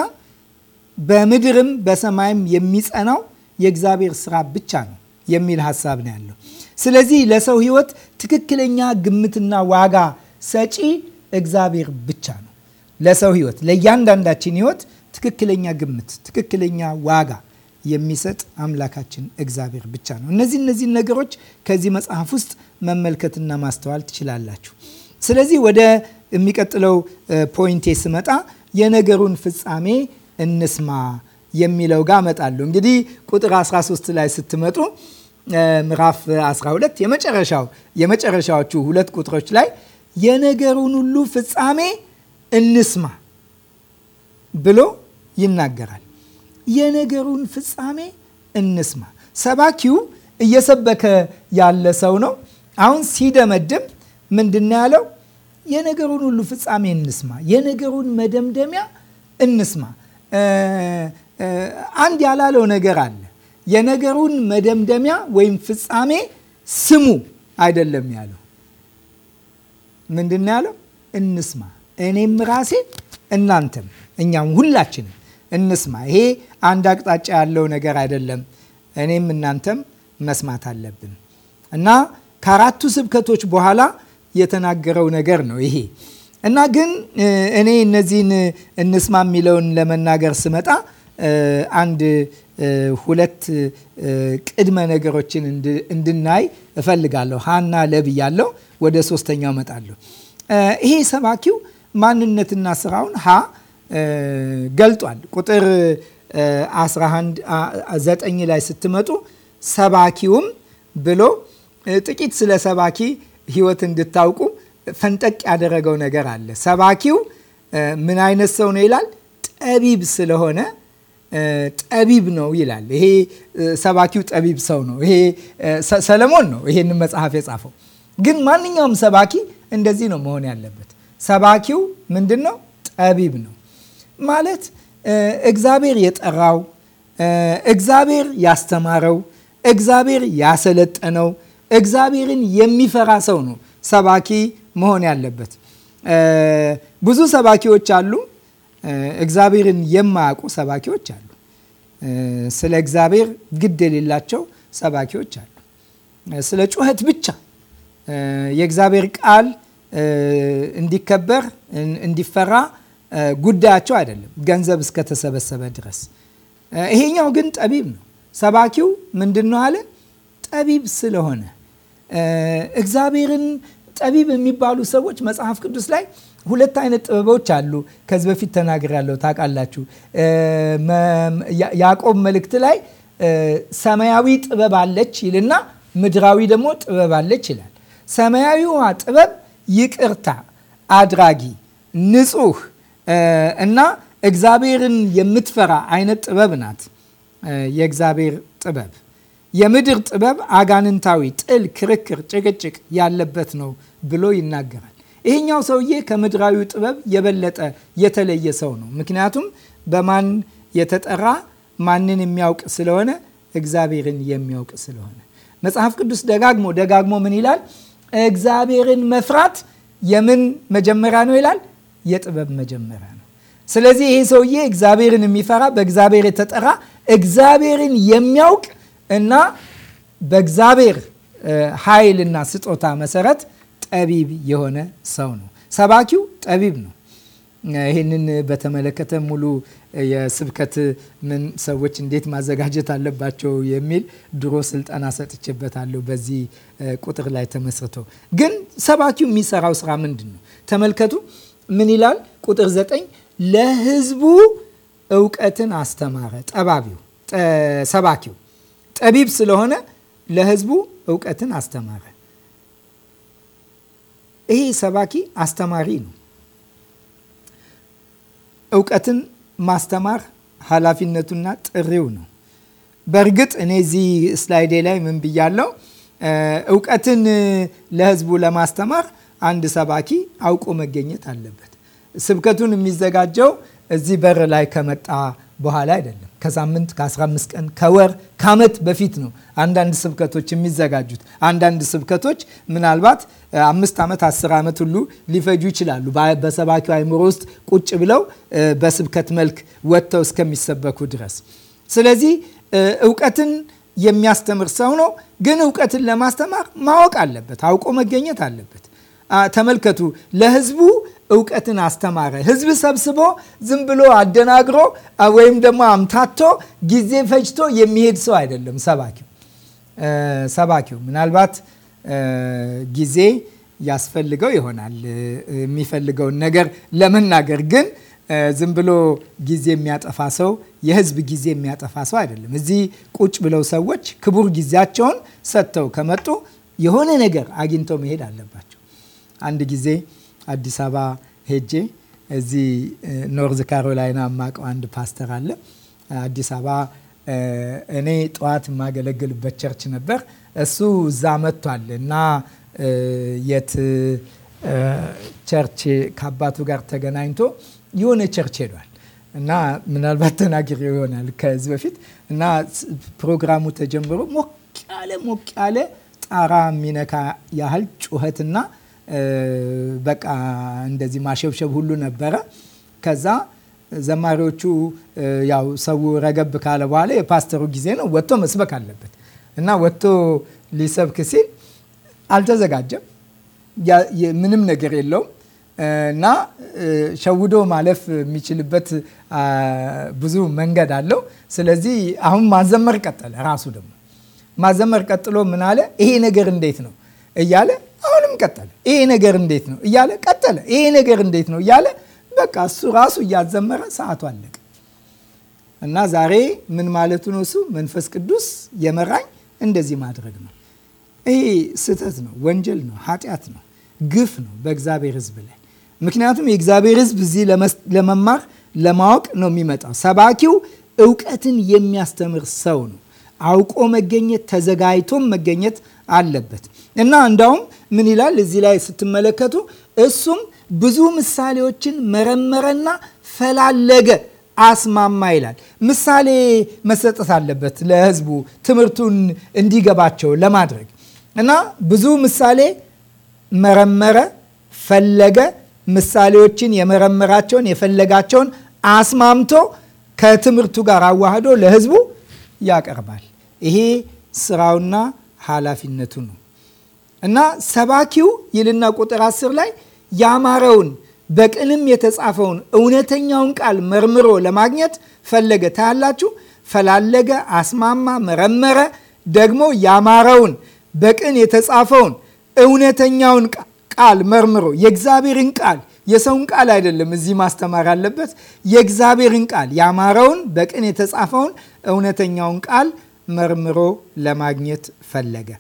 በምድርም በሰማይም የሚጸናው የእግዚአብሔር ስራ ብቻ ነው የሚል ሀሳብ ነው ያለው። ስለዚህ ለሰው ህይወት ትክክለኛ ግምትና ዋጋ ሰጪ እግዚአብሔር ብቻ ነው። ለሰው ህይወት ለእያንዳንዳችን ህይወት ትክክለኛ ግምት፣ ትክክለኛ ዋጋ የሚሰጥ አምላካችን እግዚአብሔር ብቻ ነው። እነዚህ እነዚህን ነገሮች ከዚህ መጽሐፍ ውስጥ መመልከትና ማስተዋል ትችላላችሁ። ስለዚህ ወደ የሚቀጥለው ፖይንቴ ስመጣ የነገሩን ፍጻሜ እንስማ የሚለው ጋር እመጣለሁ። እንግዲህ ቁጥር 13 ላይ ስትመጡ ምዕራፍ 12 የመጨረሻው የመጨረሻዎቹ ሁለት ቁጥሮች ላይ የነገሩን ሁሉ ፍጻሜ እንስማ ብሎ ይናገራል። የነገሩን ፍጻሜ እንስማ። ሰባኪው እየሰበከ ያለ ሰው ነው። አሁን ሲደመድም ምንድን ያለው? የነገሩን ሁሉ ፍጻሜ እንስማ፣ የነገሩን መደምደሚያ እንስማ። አንድ ያላለው ነገር አለ። የነገሩን መደምደሚያ ወይም ፍጻሜ ስሙ አይደለም ያለው። ምንድን ያለው? እንስማ። እኔም ራሴ እናንተም እኛም ሁላችንም እንስማ። ይሄ አንድ አቅጣጫ ያለው ነገር አይደለም። እኔም እናንተም መስማት አለብን እና ከአራቱ ስብከቶች በኋላ የተናገረው ነገር ነው ይሄ እና ግን እኔ እነዚህን እንስማ የሚለውን ለመናገር ስመጣ አንድ ሁለት ቅድመ ነገሮችን እንድናይ እፈልጋለሁ። ሀና ለብ ያለው ወደ ሶስተኛው እመጣለሁ። ይሄ ሰባኪው ማንነትና ስራውን ሀ ገልጧል። ቁጥር 11 ዘጠኝ ላይ ስትመጡ ሰባኪውም ብሎ ጥቂት ስለ ሰባኪ ህይወት እንድታውቁ ፈንጠቅ ያደረገው ነገር አለ። ሰባኪው ምን አይነት ሰው ነው ይላል። ጠቢብ ስለሆነ ጠቢብ ነው ይላል። ይሄ ሰባኪው ጠቢብ ሰው ነው። ይሄ ሰለሞን ነው ይሄንን መጽሐፍ የጻፈው። ግን ማንኛውም ሰባኪ እንደዚህ ነው መሆን ያለበት። ሰባኪው ምንድን ነው? ጠቢብ ነው። ማለት እግዚአብሔር የጠራው፣ እግዚአብሔር ያስተማረው፣ እግዚአብሔር ያሰለጠነው፣ እግዚአብሔርን የሚፈራ ሰው ነው ሰባኪ መሆን ያለበት። ብዙ ሰባኪዎች አሉ። እግዚአብሔርን የማያውቁ ሰባኪዎች አሉ። ስለ እግዚአብሔር ግድ የሌላቸው ሰባኪዎች አሉ። ስለ ጩኸት ብቻ የእግዚአብሔር ቃል እንዲከበር እንዲፈራ ጉዳያቸው አይደለም፣ ገንዘብ እስከተሰበሰበ ድረስ። ይሄኛው ግን ጠቢብ ነው። ሰባኪው ምንድን ነው አለ? ጠቢብ ስለሆነ እግዚአብሔርን ጠቢብ የሚባሉ ሰዎች መጽሐፍ ቅዱስ ላይ ሁለት አይነት ጥበቦች አሉ። ከዚህ በፊት ያለው ታውቃላችሁ። ያዕቆብ መልእክት ላይ ሰማያዊ ጥበብ አለች ይልና ምድራዊ ደግሞ ጥበብ አለች ይላል። ሰማያዊዋ ጥበብ ይቅርታ አድራጊ፣ ንጹህ፣ እና እግዚአብሔርን የምትፈራ አይነት ጥበብ ናት። የእግዚአብሔር ጥበብ የምድር ጥበብ አጋንንታዊ ጥል፣ ክርክር፣ ጭቅጭቅ ያለበት ነው ብሎ ይናገራል። ይሄኛው ሰውዬ ከምድራዊ ጥበብ የበለጠ የተለየ ሰው ነው። ምክንያቱም በማን የተጠራ ማንን የሚያውቅ ስለሆነ እግዚአብሔርን የሚያውቅ ስለሆነ መጽሐፍ ቅዱስ ደጋግሞ ደጋግሞ ምን ይላል? እግዚአብሔርን መፍራት የምን መጀመሪያ ነው ይላል የጥበብ መጀመሪያ ነው። ስለዚህ ይሄ ሰውዬ እግዚአብሔርን የሚፈራ በእግዚአብሔር የተጠራ እግዚአብሔርን የሚያውቅ እና በእግዚአብሔር ኃይልና ስጦታ መሰረት ጠቢብ የሆነ ሰው ነው። ሰባኪው ጠቢብ ነው። ይህንን በተመለከተ ሙሉ የስብከት ምን ሰዎች እንዴት ማዘጋጀት አለባቸው የሚል ድሮ ስልጠና ሰጥቼበታለሁ። በዚህ ቁጥር ላይ ተመስርቶ ግን ሰባኪው የሚሰራው ስራ ምንድን ነው? ተመልከቱ። ምን ይላል? ቁጥር ዘጠኝ ለህዝቡ እውቀትን አስተማረ። ጠባቢው ሰባኪው ጠቢብ ስለሆነ ለህዝቡ እውቀትን አስተማረ። ይሄ ሰባኪ አስተማሪ ነው። እውቀትን ማስተማር ኃላፊነቱና ጥሪው ነው። በእርግጥ እኔ እዚህ ስላይዴ ላይ ምን ብያለው? እውቀትን ለህዝቡ ለማስተማር አንድ ሰባኪ አውቆ መገኘት አለበት። ስብከቱን የሚዘጋጀው እዚህ በር ላይ ከመጣ በኋላ አይደለም። ከሳምንት፣ ከ15 ቀን፣ ከወር፣ ከአመት በፊት ነው አንዳንድ ስብከቶች የሚዘጋጁት። አንዳንድ ስብከቶች ምናልባት አምስት ዓመት አስር ዓመት ሁሉ ሊፈጁ ይችላሉ። በሰባኪው አይምሮ ውስጥ ቁጭ ብለው በስብከት መልክ ወጥተው እስከሚሰበኩ ድረስ። ስለዚህ እውቀትን የሚያስተምር ሰው ነው። ግን እውቀትን ለማስተማር ማወቅ አለበት፣ አውቆ መገኘት አለበት። ተመልከቱ፣ ለህዝቡ እውቀትን አስተማረ። ህዝብ ሰብስቦ ዝም ብሎ አደናግሮ ወይም ደግሞ አምታቶ ጊዜ ፈጅቶ የሚሄድ ሰው አይደለም ሰባኪው። ሰባኪው ምናልባት ጊዜ ያስፈልገው ይሆናል የሚፈልገውን ነገር ለመናገር ግን ዝም ብሎ ጊዜ የሚያጠፋ ሰው የህዝብ ጊዜ የሚያጠፋ ሰው አይደለም። እዚህ ቁጭ ብለው ሰዎች ክቡር ጊዜያቸውን ሰጥተው ከመጡ የሆነ ነገር አግኝተው መሄድ አለባቸው። አንድ ጊዜ አዲስ አበባ ሄጄ እዚህ ኖርዝ ካሮላይና ማቀው አንድ ፓስተር አለ አዲስ አበባ እኔ ጠዋት የማገለግልበት ቸርች ነበር። እሱ እዛ መጥቷል እና የት ቸርች ከአባቱ ጋር ተገናኝቶ የሆነ ቸርች ሄዷል እና ምናልባት ተናግሬው ይሆናል ከዚህ በፊት እና ፕሮግራሙ ተጀምሮ ሞቅ ያለ ሞቅ ያለ ጣራ የሚነካ ያህል ጩኸትና በቃ እንደዚህ ማሸብሸብ ሁሉ ነበረ። ከዛ ዘማሪዎቹ ያው ሰው ረገብ ካለ በኋላ የፓስተሩ ጊዜ ነው፣ ወጥቶ መስበክ አለበት እና ወጥቶ ሊሰብክ ሲል አልተዘጋጀም። ምንም ነገር የለውም እና ሸውዶ ማለፍ የሚችልበት ብዙ መንገድ አለው። ስለዚህ አሁን ማዘመር ቀጠለ። ራሱ ደግሞ ማዘመር ቀጥሎ ምን አለ? ይሄ ነገር እንዴት ነው እያለ አሁንም ቀጠለ። ይሄ ነገር እንዴት ነው እያለ ቀጠለ። ይሄ ነገር እንዴት ነው እያለ በቃ እሱ ራሱ እያዘመረ ሰዓቱ አለቀ እና ዛሬ ምን ማለቱ ነው? እሱ መንፈስ ቅዱስ የመራኝ እንደዚህ ማድረግ ነው። ይሄ ስህተት ነው፣ ወንጀል ነው፣ ኃጢአት ነው፣ ግፍ ነው በእግዚአብሔር ሕዝብ ላይ ምክንያቱም የእግዚአብሔር ሕዝብ እዚህ ለመማር ለማወቅ ነው የሚመጣው። ሰባኪው እውቀትን የሚያስተምር ሰው ነው። አውቆ መገኘት ተዘጋጅቶም መገኘት አለበት እና እንዳውም ምን ይላል እዚህ ላይ ስትመለከቱ፣ እሱም ብዙ ምሳሌዎችን መረመረና ፈላለገ አስማማ ይላል። ምሳሌ መሰጠት አለበት ለህዝቡ ትምህርቱን እንዲገባቸው ለማድረግ እና ብዙ ምሳሌ መረመረ፣ ፈለገ። ምሳሌዎችን የመረመራቸውን የፈለጋቸውን አስማምቶ ከትምህርቱ ጋር አዋህዶ ለህዝቡ ያቀርባል። ይሄ ስራውና ኃላፊነቱ ነው። እና ሰባኪው ይልና ቁጥር 10 ላይ ያማረውን በቅንም የተጻፈውን እውነተኛውን ቃል መርምሮ ለማግኘት ፈለገ። ፈላለገ አስማማ፣ መረመረ። ደግሞ ያማረውን በቅን የተጻፈውን እውነተኛውን ቃል መርምሮ የእግዚአብሔርን ቃል የሰውን ቃል አይደለም። እዚህ ማስተማር አለበት። የእግዚአብሔርን ቃል ያማረውን በቅን የተጻፈውን እውነተኛውን ቃል መርምሮ ለማግኘት ፈለገ።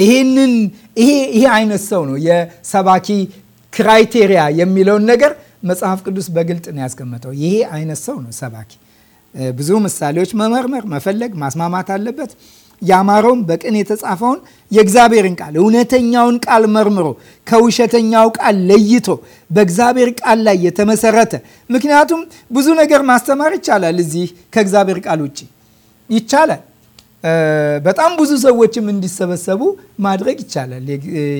ይሄንን ይሄ ይሄ አይነት ሰው ነው የሰባኪ ክራይቴሪያ የሚለውን ነገር መጽሐፍ ቅዱስ በግልጥ ነው ያስቀመጠው። ይሄ አይነት ሰው ነው ሰባኪ። ብዙ ምሳሌዎች መመርመር፣ መፈለግ፣ ማስማማት አለበት። ያማረውን በቅን የተጻፈውን የእግዚአብሔርን ቃል እውነተኛውን ቃል መርምሮ ከውሸተኛው ቃል ለይቶ በእግዚአብሔር ቃል ላይ የተመሰረተ ምክንያቱም ብዙ ነገር ማስተማር ይቻላል። እዚህ ከእግዚአብሔር ቃል ውጭ ይቻላል በጣም ብዙ ሰዎችም እንዲሰበሰቡ ማድረግ ይቻላል።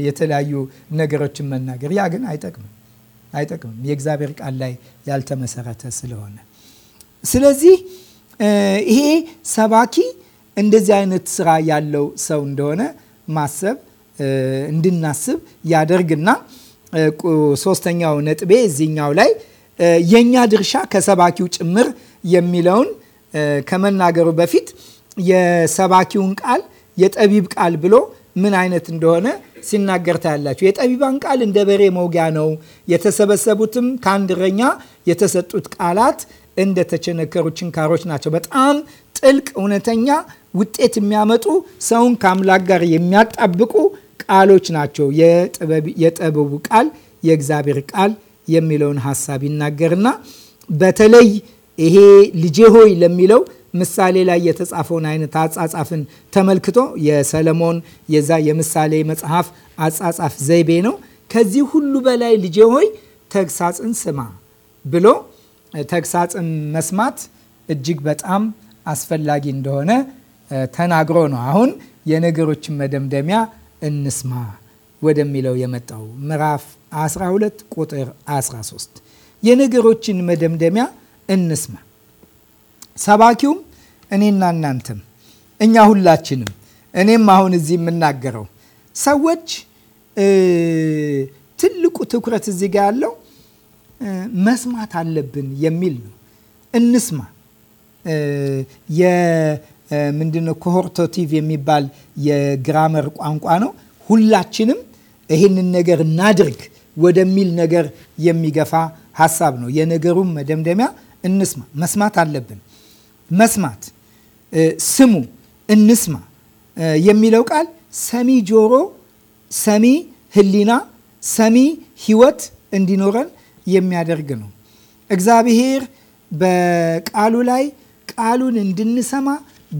የተለያዩ ነገሮችን መናገር ያ ግን አይጠቅምም አይጠቅምም የእግዚአብሔር ቃል ላይ ያልተመሰረተ ስለሆነ። ስለዚህ ይሄ ሰባኪ እንደዚህ አይነት ስራ ያለው ሰው እንደሆነ ማሰብ እንድናስብ ያደርግና ሶስተኛው ነጥቤ እዚህኛው ላይ የእኛ ድርሻ ከሰባኪው ጭምር የሚለውን ከመናገሩ በፊት የሰባኪውን ቃል የጠቢብ ቃል ብሎ ምን አይነት እንደሆነ ሲናገር ታያላችሁ። የጠቢባን ቃል እንደ በሬ መውጊያ ነው፣ የተሰበሰቡትም ከአንድ እረኛ የተሰጡት ቃላት እንደ ተቸነከሩ ችንካሮች ናቸው። በጣም ጥልቅ፣ እውነተኛ ውጤት የሚያመጡ ሰውን ከአምላክ ጋር የሚያጣብቁ ቃሎች ናቸው። የጥበቡ ቃል የእግዚአብሔር ቃል የሚለውን ሀሳብ ይናገርና በተለይ ይሄ ልጄ ሆይ ለሚለው ምሳሌ ላይ የተጻፈውን አይነት አጻጻፍን ተመልክቶ የሰለሞን የዛ የምሳሌ መጽሐፍ አጻጻፍ ዘይቤ ነው። ከዚህ ሁሉ በላይ ልጄ ሆይ ተግሳጽን ስማ ብሎ ተግሳጽን መስማት እጅግ በጣም አስፈላጊ እንደሆነ ተናግሮ ነው። አሁን የነገሮችን መደምደሚያ እንስማ ወደሚለው የመጣው ምዕራፍ 12 ቁጥር 13 የነገሮችን መደምደሚያ እንስማ ሰባኪውም እኔና እናንተም እኛ ሁላችንም እኔም አሁን እዚህ የምናገረው ሰዎች ትልቁ ትኩረት እዚህ ጋ ያለው መስማት አለብን የሚል ነው። እንስማ። የምንድነው ኮሆርቶቲቭ የሚባል የግራመር ቋንቋ ነው። ሁላችንም ይህንን ነገር እናድርግ ወደሚል ነገር የሚገፋ ሀሳብ ነው። የነገሩም መደምደሚያ እንስማ፣ መስማት አለብን መስማት፣ ስሙ፣ እንስማ የሚለው ቃል ሰሚ ጆሮ፣ ሰሚ ህሊና ሰሚ ህይወት እንዲኖረን የሚያደርግ ነው። እግዚአብሔር በቃሉ ላይ ቃሉን እንድንሰማ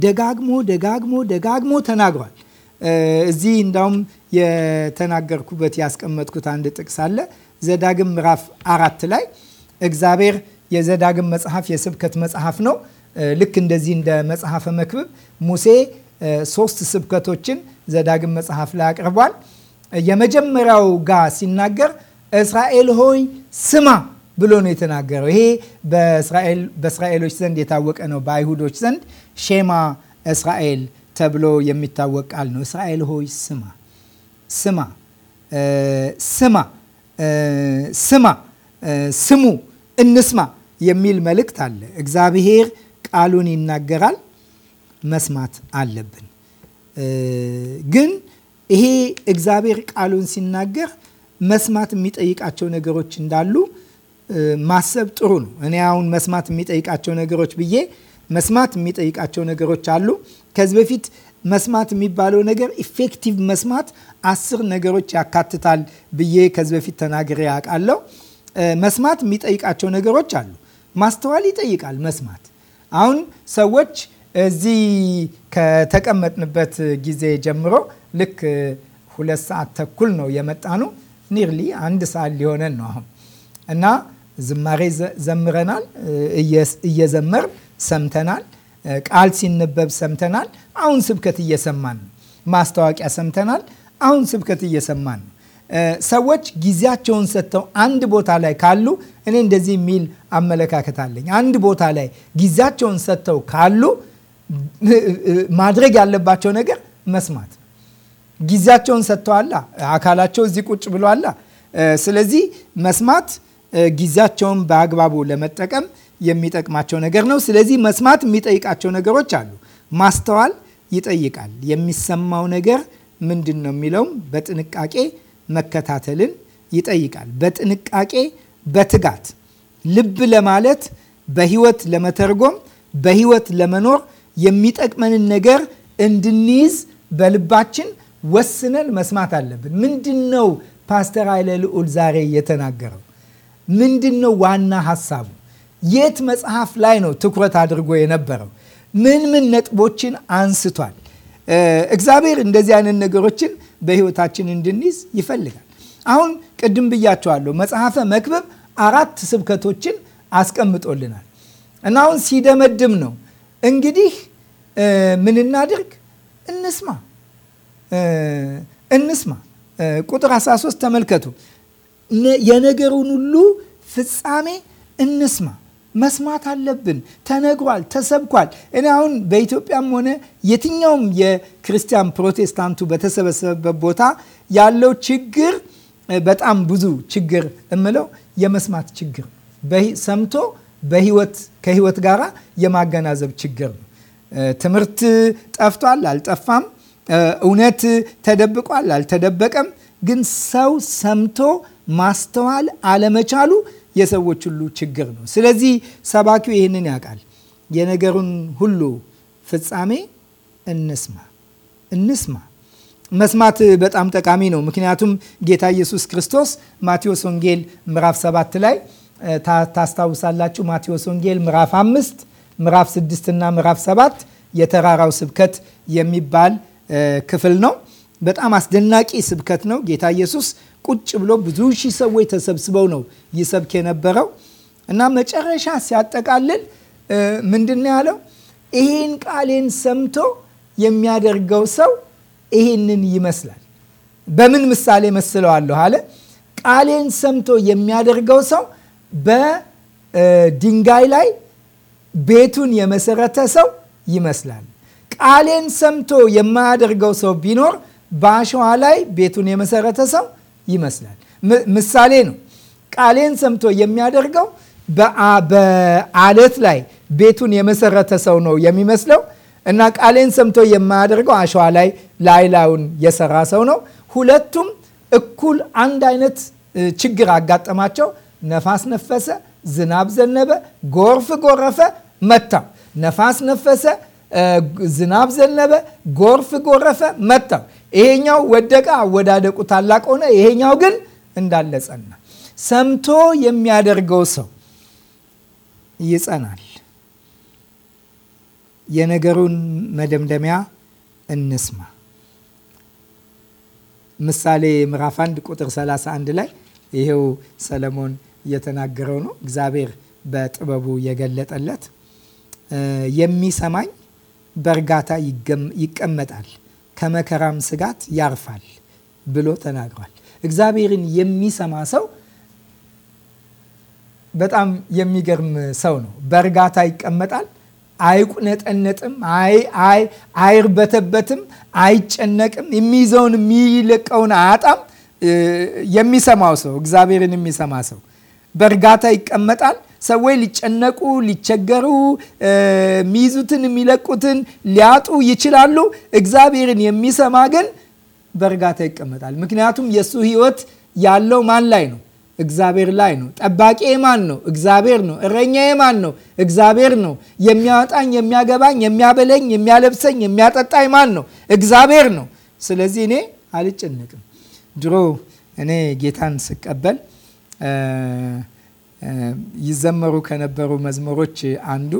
ደጋግሞ ደጋግሞ ደጋግሞ ተናግሯል። እዚህ እንዳውም የተናገርኩበት ያስቀመጥኩት አንድ ጥቅስ አለ። ዘዳግም ምዕራፍ አራት ላይ እግዚአብሔር የዘዳግም መጽሐፍ የስብከት መጽሐፍ ነው። ልክ እንደዚህ እንደ መጽሐፈ መክብብ ሙሴ ሶስት ስብከቶችን ዘዳግም መጽሐፍ ላይ አቅርቧል። የመጀመሪያው ጋር ሲናገር እስራኤል ሆይ ስማ ብሎ ነው የተናገረው። ይሄ በእስራኤሎች ዘንድ የታወቀ ነው። በአይሁዶች ዘንድ ሼማ እስራኤል ተብሎ የሚታወቅ ቃል ነው። እስራኤል ሆይ ስማ ስማ ስማ ስማ ስሙ እንስማ የሚል መልእክት አለ። እግዚአብሔር ቃሉን ይናገራል፣ መስማት አለብን። ግን ይሄ እግዚአብሔር ቃሉን ሲናገር መስማት የሚጠይቃቸው ነገሮች እንዳሉ ማሰብ ጥሩ ነው። እኔ አሁን መስማት የሚጠይቃቸው ነገሮች ብዬ መስማት የሚጠይቃቸው ነገሮች አሉ። ከዚህ በፊት መስማት የሚባለው ነገር ኢፌክቲቭ መስማት አስር ነገሮች ያካትታል ብዬ ከዚህ በፊት ተናግሬ አውቃለሁ። መስማት የሚጠይቃቸው ነገሮች አሉ። ማስተዋል ይጠይቃል መስማት አሁን ሰዎች እዚህ ከተቀመጥንበት ጊዜ ጀምሮ ልክ ሁለት ሰዓት ተኩል ነው የመጣኑ። ኒርሊ አንድ ሰዓት ሊሆነን ነው አሁን እና ዝማሬ ዘምረናል፣ እየዘመር ሰምተናል፣ ቃል ሲነበብ ሰምተናል። አሁን ስብከት እየሰማን ነው። ማስታወቂያ ሰምተናል። አሁን ስብከት እየሰማን ሰዎች ጊዜያቸውን ሰጥተው አንድ ቦታ ላይ ካሉ እኔ እንደዚህ የሚል አመለካከት አለኝ። አንድ ቦታ ላይ ጊዜያቸውን ሰጥተው ካሉ ማድረግ ያለባቸው ነገር መስማት ነው። ጊዜያቸውን ሰጥተዋላ፣ አካላቸው እዚህ ቁጭ ብሏላ። ስለዚህ መስማት ጊዜያቸውን በአግባቡ ለመጠቀም የሚጠቅማቸው ነገር ነው። ስለዚህ መስማት የሚጠይቃቸው ነገሮች አሉ። ማስተዋል ይጠይቃል። የሚሰማው ነገር ምንድን ነው የሚለውም በጥንቃቄ መከታተልን ይጠይቃል። በጥንቃቄ በትጋት ልብ ለማለት በህይወት ለመተርጎም በህይወት ለመኖር የሚጠቅመንን ነገር እንድንይዝ በልባችን ወስነን መስማት አለብን። ምንድን ነው ፓስተር ኃይለ ልዑል ዛሬ የተናገረው? ምንድን ነው ዋና ሀሳቡ? የት መጽሐፍ ላይ ነው ትኩረት አድርጎ የነበረው? ምን ምን ነጥቦችን አንስቷል? እግዚአብሔር እንደዚህ አይነት ነገሮችን በህይወታችን እንድንይዝ ይፈልጋል። አሁን ቅድም ብያቸዋለሁ፣ መጽሐፈ መክብብ አራት ስብከቶችን አስቀምጦልናል እና አሁን ሲደመድም ነው እንግዲህ ምን እናድርግ? እንስማ እንስማ። ቁጥር 13 ተመልከቱ። የነገሩን ሁሉ ፍጻሜ እንስማ መስማት አለብን። ተነግሯል፣ ተሰብኳል። እኔ አሁን በኢትዮጵያም ሆነ የትኛውም የክርስቲያን ፕሮቴስታንቱ በተሰበሰበበት ቦታ ያለው ችግር በጣም ብዙ ችግር እምለው የመስማት ችግር ሰምቶ በህይወት ከህይወት ጋር የማገናዘብ ችግር ነው። ትምህርት ጠፍቷል አልጠፋም፣ እውነት ተደብቋል አልተደበቀም። ግን ሰው ሰምቶ ማስተዋል አለመቻሉ የሰዎች ሁሉ ችግር ነው። ስለዚህ ሰባኪው ይህንን ያውቃል። የነገሩን ሁሉ ፍጻሜ እንስማ እንስማ። መስማት በጣም ጠቃሚ ነው። ምክንያቱም ጌታ ኢየሱስ ክርስቶስ ማቴዎስ ወንጌል ምዕራፍ ሰባት ላይ ታስታውሳላችሁ። ማቴዎስ ወንጌል ምዕራፍ አምስት ምዕራፍ ስድስት እና ምዕራፍ ሰባት የተራራው ስብከት የሚባል ክፍል ነው። በጣም አስደናቂ ስብከት ነው። ጌታ ኢየሱስ ቁጭ ብሎ ብዙ ሺህ ሰዎች ተሰብስበው ነው ይሰብክ የነበረው እና መጨረሻ ሲያጠቃልል ምንድን ነው ያለው? ይሄን ቃሌን ሰምቶ የሚያደርገው ሰው ይሄንን ይመስላል። በምን ምሳሌ መስለዋለሁ አለ። ቃሌን ሰምቶ የሚያደርገው ሰው በድንጋይ ላይ ቤቱን የመሰረተ ሰው ይመስላል። ቃሌን ሰምቶ የማያደርገው ሰው ቢኖር በአሸዋ ላይ ቤቱን የመሰረተ ሰው ይመስላል። ምሳሌ ነው። ቃሌን ሰምቶ የሚያደርገው በአለት ላይ ቤቱን የመሰረተ ሰው ነው የሚመስለው እና ቃሌን ሰምቶ የማያደርገው አሸዋ ላይ ላይ ላዩን የሰራ ሰው ነው። ሁለቱም እኩል አንድ አይነት ችግር አጋጠማቸው። ነፋስ ነፈሰ፣ ዝናብ ዘነበ፣ ጎርፍ ጎረፈ፣ መታው። ነፋስ ነፈሰ፣ ዝናብ ዘነበ፣ ጎርፍ ጎረፈ፣ መታው። ይሄኛው ወደቀ፣ አወዳደቁ ታላቅ ሆነ። ይሄኛው ግን እንዳለ ጸና። ሰምቶ የሚያደርገው ሰው ይጸናል። የነገሩን መደምደሚያ እንስማ። ምሳሌ ምዕራፍ 1 ቁጥር 31 ላይ ይሄው ሰለሞን እየተናገረው ነው። እግዚአብሔር በጥበቡ የገለጠለት የሚሰማኝ በእርጋታ ይቀመጣል ከመከራም ስጋት ያርፋል ብሎ ተናግሯል። እግዚአብሔርን የሚሰማ ሰው በጣም የሚገርም ሰው ነው። በእርጋታ ይቀመጣል። አይቁነጠነጥም፣ አይርበተበትም፣ አይጨነቅም። የሚይዘውን የሚለቀውን አያጣም። የሚሰማው ሰው እግዚአብሔርን የሚሰማ ሰው በእርጋታ ይቀመጣል። ሰዎች ሊጨነቁ፣ ሊቸገሩ፣ የሚይዙትን የሚለቁትን ሊያጡ ይችላሉ። እግዚአብሔርን የሚሰማ ግን በእርጋታ ይቀመጣል። ምክንያቱም የእሱ ህይወት ያለው ማን ላይ ነው? እግዚአብሔር ላይ ነው። ጠባቂ ማን ነው? እግዚአብሔር ነው። እረኛ የማን ነው? እግዚአብሔር ነው። የሚያወጣኝ፣ የሚያገባኝ፣ የሚያበለኝ፣ የሚያለብሰኝ፣ የሚያጠጣኝ ማን ነው? እግዚአብሔር ነው። ስለዚህ እኔ አልጨነቅም። ድሮ እኔ ጌታን ስቀበል ይዘመሩ ከነበሩ መዝሙሮች አንዱ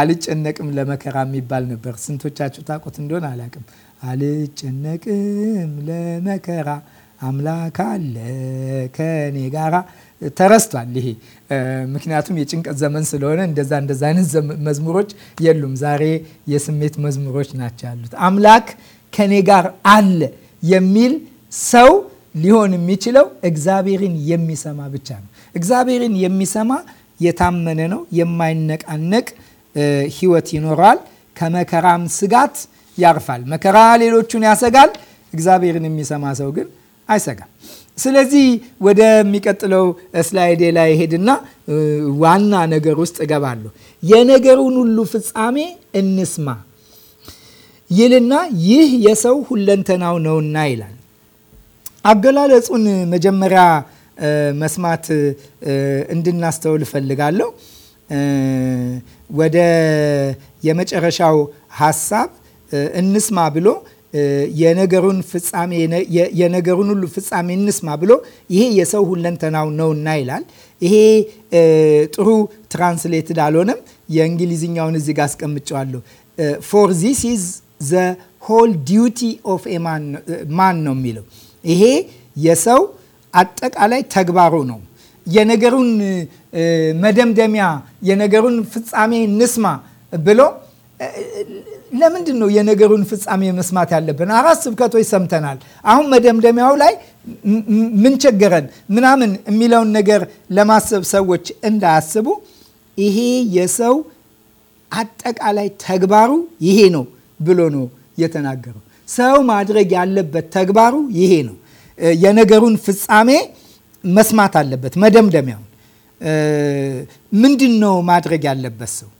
አልጨነቅም ለመከራ የሚባል ነበር። ስንቶቻችሁ ታውቁት እንደሆነ አላውቅም። አልጨነቅም ለመከራ አምላክ አለ ከኔ ጋራ ተረስቷል። ይሄ ምክንያቱም የጭንቀት ዘመን ስለሆነ እንደዛ እንደዛ አይነት መዝሙሮች የሉም። ዛሬ የስሜት መዝሙሮች ናቸው ያሉት። አምላክ ከኔ ጋር አለ የሚል ሰው ሊሆን የሚችለው እግዚአብሔርን የሚሰማ ብቻ ነው። እግዚአብሔርን የሚሰማ የታመነ ነው። የማይነቃነቅ ህይወት ይኖረዋል። ከመከራም ስጋት ያርፋል። መከራ ሌሎቹን ያሰጋል። እግዚአብሔርን የሚሰማ ሰው ግን አይሰጋም። ስለዚህ ወደሚቀጥለው ስላይዴ ላይ ሄድና ዋና ነገር ውስጥ እገባለሁ። የነገሩን ሁሉ ፍጻሜ እንስማ ይልና ይህ የሰው ሁለንተናው ነውና ይላል። አገላለጹን መጀመሪያ መስማት እንድናስተውል እፈልጋለሁ። ወደ የመጨረሻው ሀሳብ እንስማ ብሎ የነገሩን ፍጻሜ የነገሩን ሁሉ ፍጻሜ እንስማ ብሎ ይሄ የሰው ሁለንተናው ነውና ይላል። ይሄ ጥሩ ትራንስሌትድ አልሆነም። የእንግሊዝኛውን እዚህ ጋር አስቀምጨዋለሁ። ፎር ዚስ ኢዝ ዘ ሆል ዲዩቲ ኦፍ ማን ነው የሚለው ይሄ የሰው አጠቃላይ ተግባሩ ነው። የነገሩን መደምደሚያ የነገሩን ፍጻሜ ንስማ ብሎ ለምንድን ነው የነገሩን ፍጻሜ መስማት ያለብን? አራት ስብከቶች ሰምተናል። አሁን መደምደሚያው ላይ ምን ቸገረን ምናምን የሚለውን ነገር ለማሰብ ሰዎች እንዳያስቡ፣ ይሄ የሰው አጠቃላይ ተግባሩ ይሄ ነው ብሎ ነው የተናገረው። ሰው ማድረግ ያለበት ተግባሩ ይሄ ነው። የነገሩን ፍጻሜ መስማት አለበት። መደምደሚያውን ምንድን ነው ማድረግ ያለበት ሰው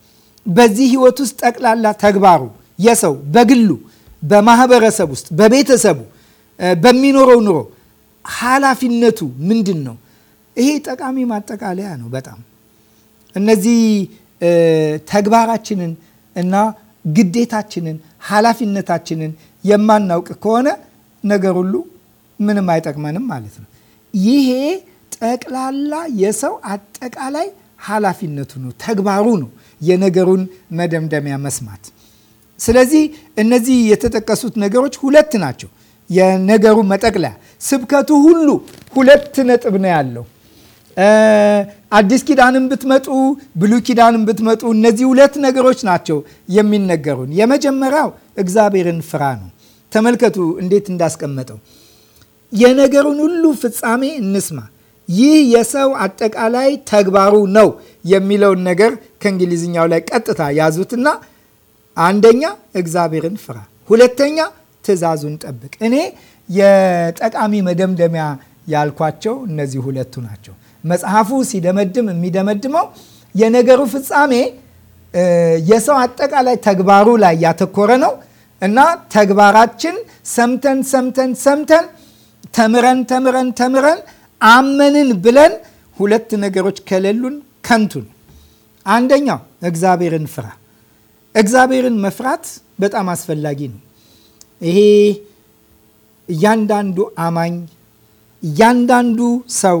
በዚህ ህይወት ውስጥ ጠቅላላ ተግባሩ የሰው በግሉ በማህበረሰብ ውስጥ በቤተሰቡ በሚኖረው ኑሮ ኃላፊነቱ ምንድን ነው? ይሄ ጠቃሚ ማጠቃለያ ነው። በጣም እነዚህ ተግባራችንን እና ግዴታችንን ኃላፊነታችንን የማናውቅ ከሆነ ነገር ሁሉ ምንም አይጠቅመንም ማለት ነው። ይሄ ጠቅላላ የሰው አጠቃላይ ኃላፊነቱ ነው፣ ተግባሩ ነው የነገሩን መደምደሚያ መስማት። ስለዚህ እነዚህ የተጠቀሱት ነገሮች ሁለት ናቸው። የነገሩ መጠቅለያ ስብከቱ ሁሉ ሁለት ነጥብ ነው ያለው። አዲስ ኪዳንም ብትመጡ ብሉ ኪዳንም ብትመጡ እነዚህ ሁለት ነገሮች ናቸው የሚነገሩን። የመጀመሪያው እግዚአብሔርን ፍራ ነው። ተመልከቱ እንዴት እንዳስቀመጠው የነገሩን ሁሉ ፍጻሜ እንስማ። ይህ የሰው አጠቃላይ ተግባሩ ነው የሚለውን ነገር ከእንግሊዝኛው ላይ ቀጥታ ያዙትና፣ አንደኛ እግዚአብሔርን ፍራ፣ ሁለተኛ ትእዛዙን ጠብቅ። እኔ የጠቃሚ መደምደሚያ ያልኳቸው እነዚህ ሁለቱ ናቸው። መጽሐፉ ሲደመድም የሚደመድመው የነገሩ ፍጻሜ የሰው አጠቃላይ ተግባሩ ላይ ያተኮረ ነው እና ተግባራችን ሰምተን ሰምተን ሰምተን ተምረን ተምረን ተምረን አመንን ብለን ሁለት ነገሮች ከሌሉን ከንቱን። አንደኛው እግዚአብሔርን ፍራ። እግዚአብሔርን መፍራት በጣም አስፈላጊ ነው። ይሄ እያንዳንዱ አማኝ እያንዳንዱ ሰው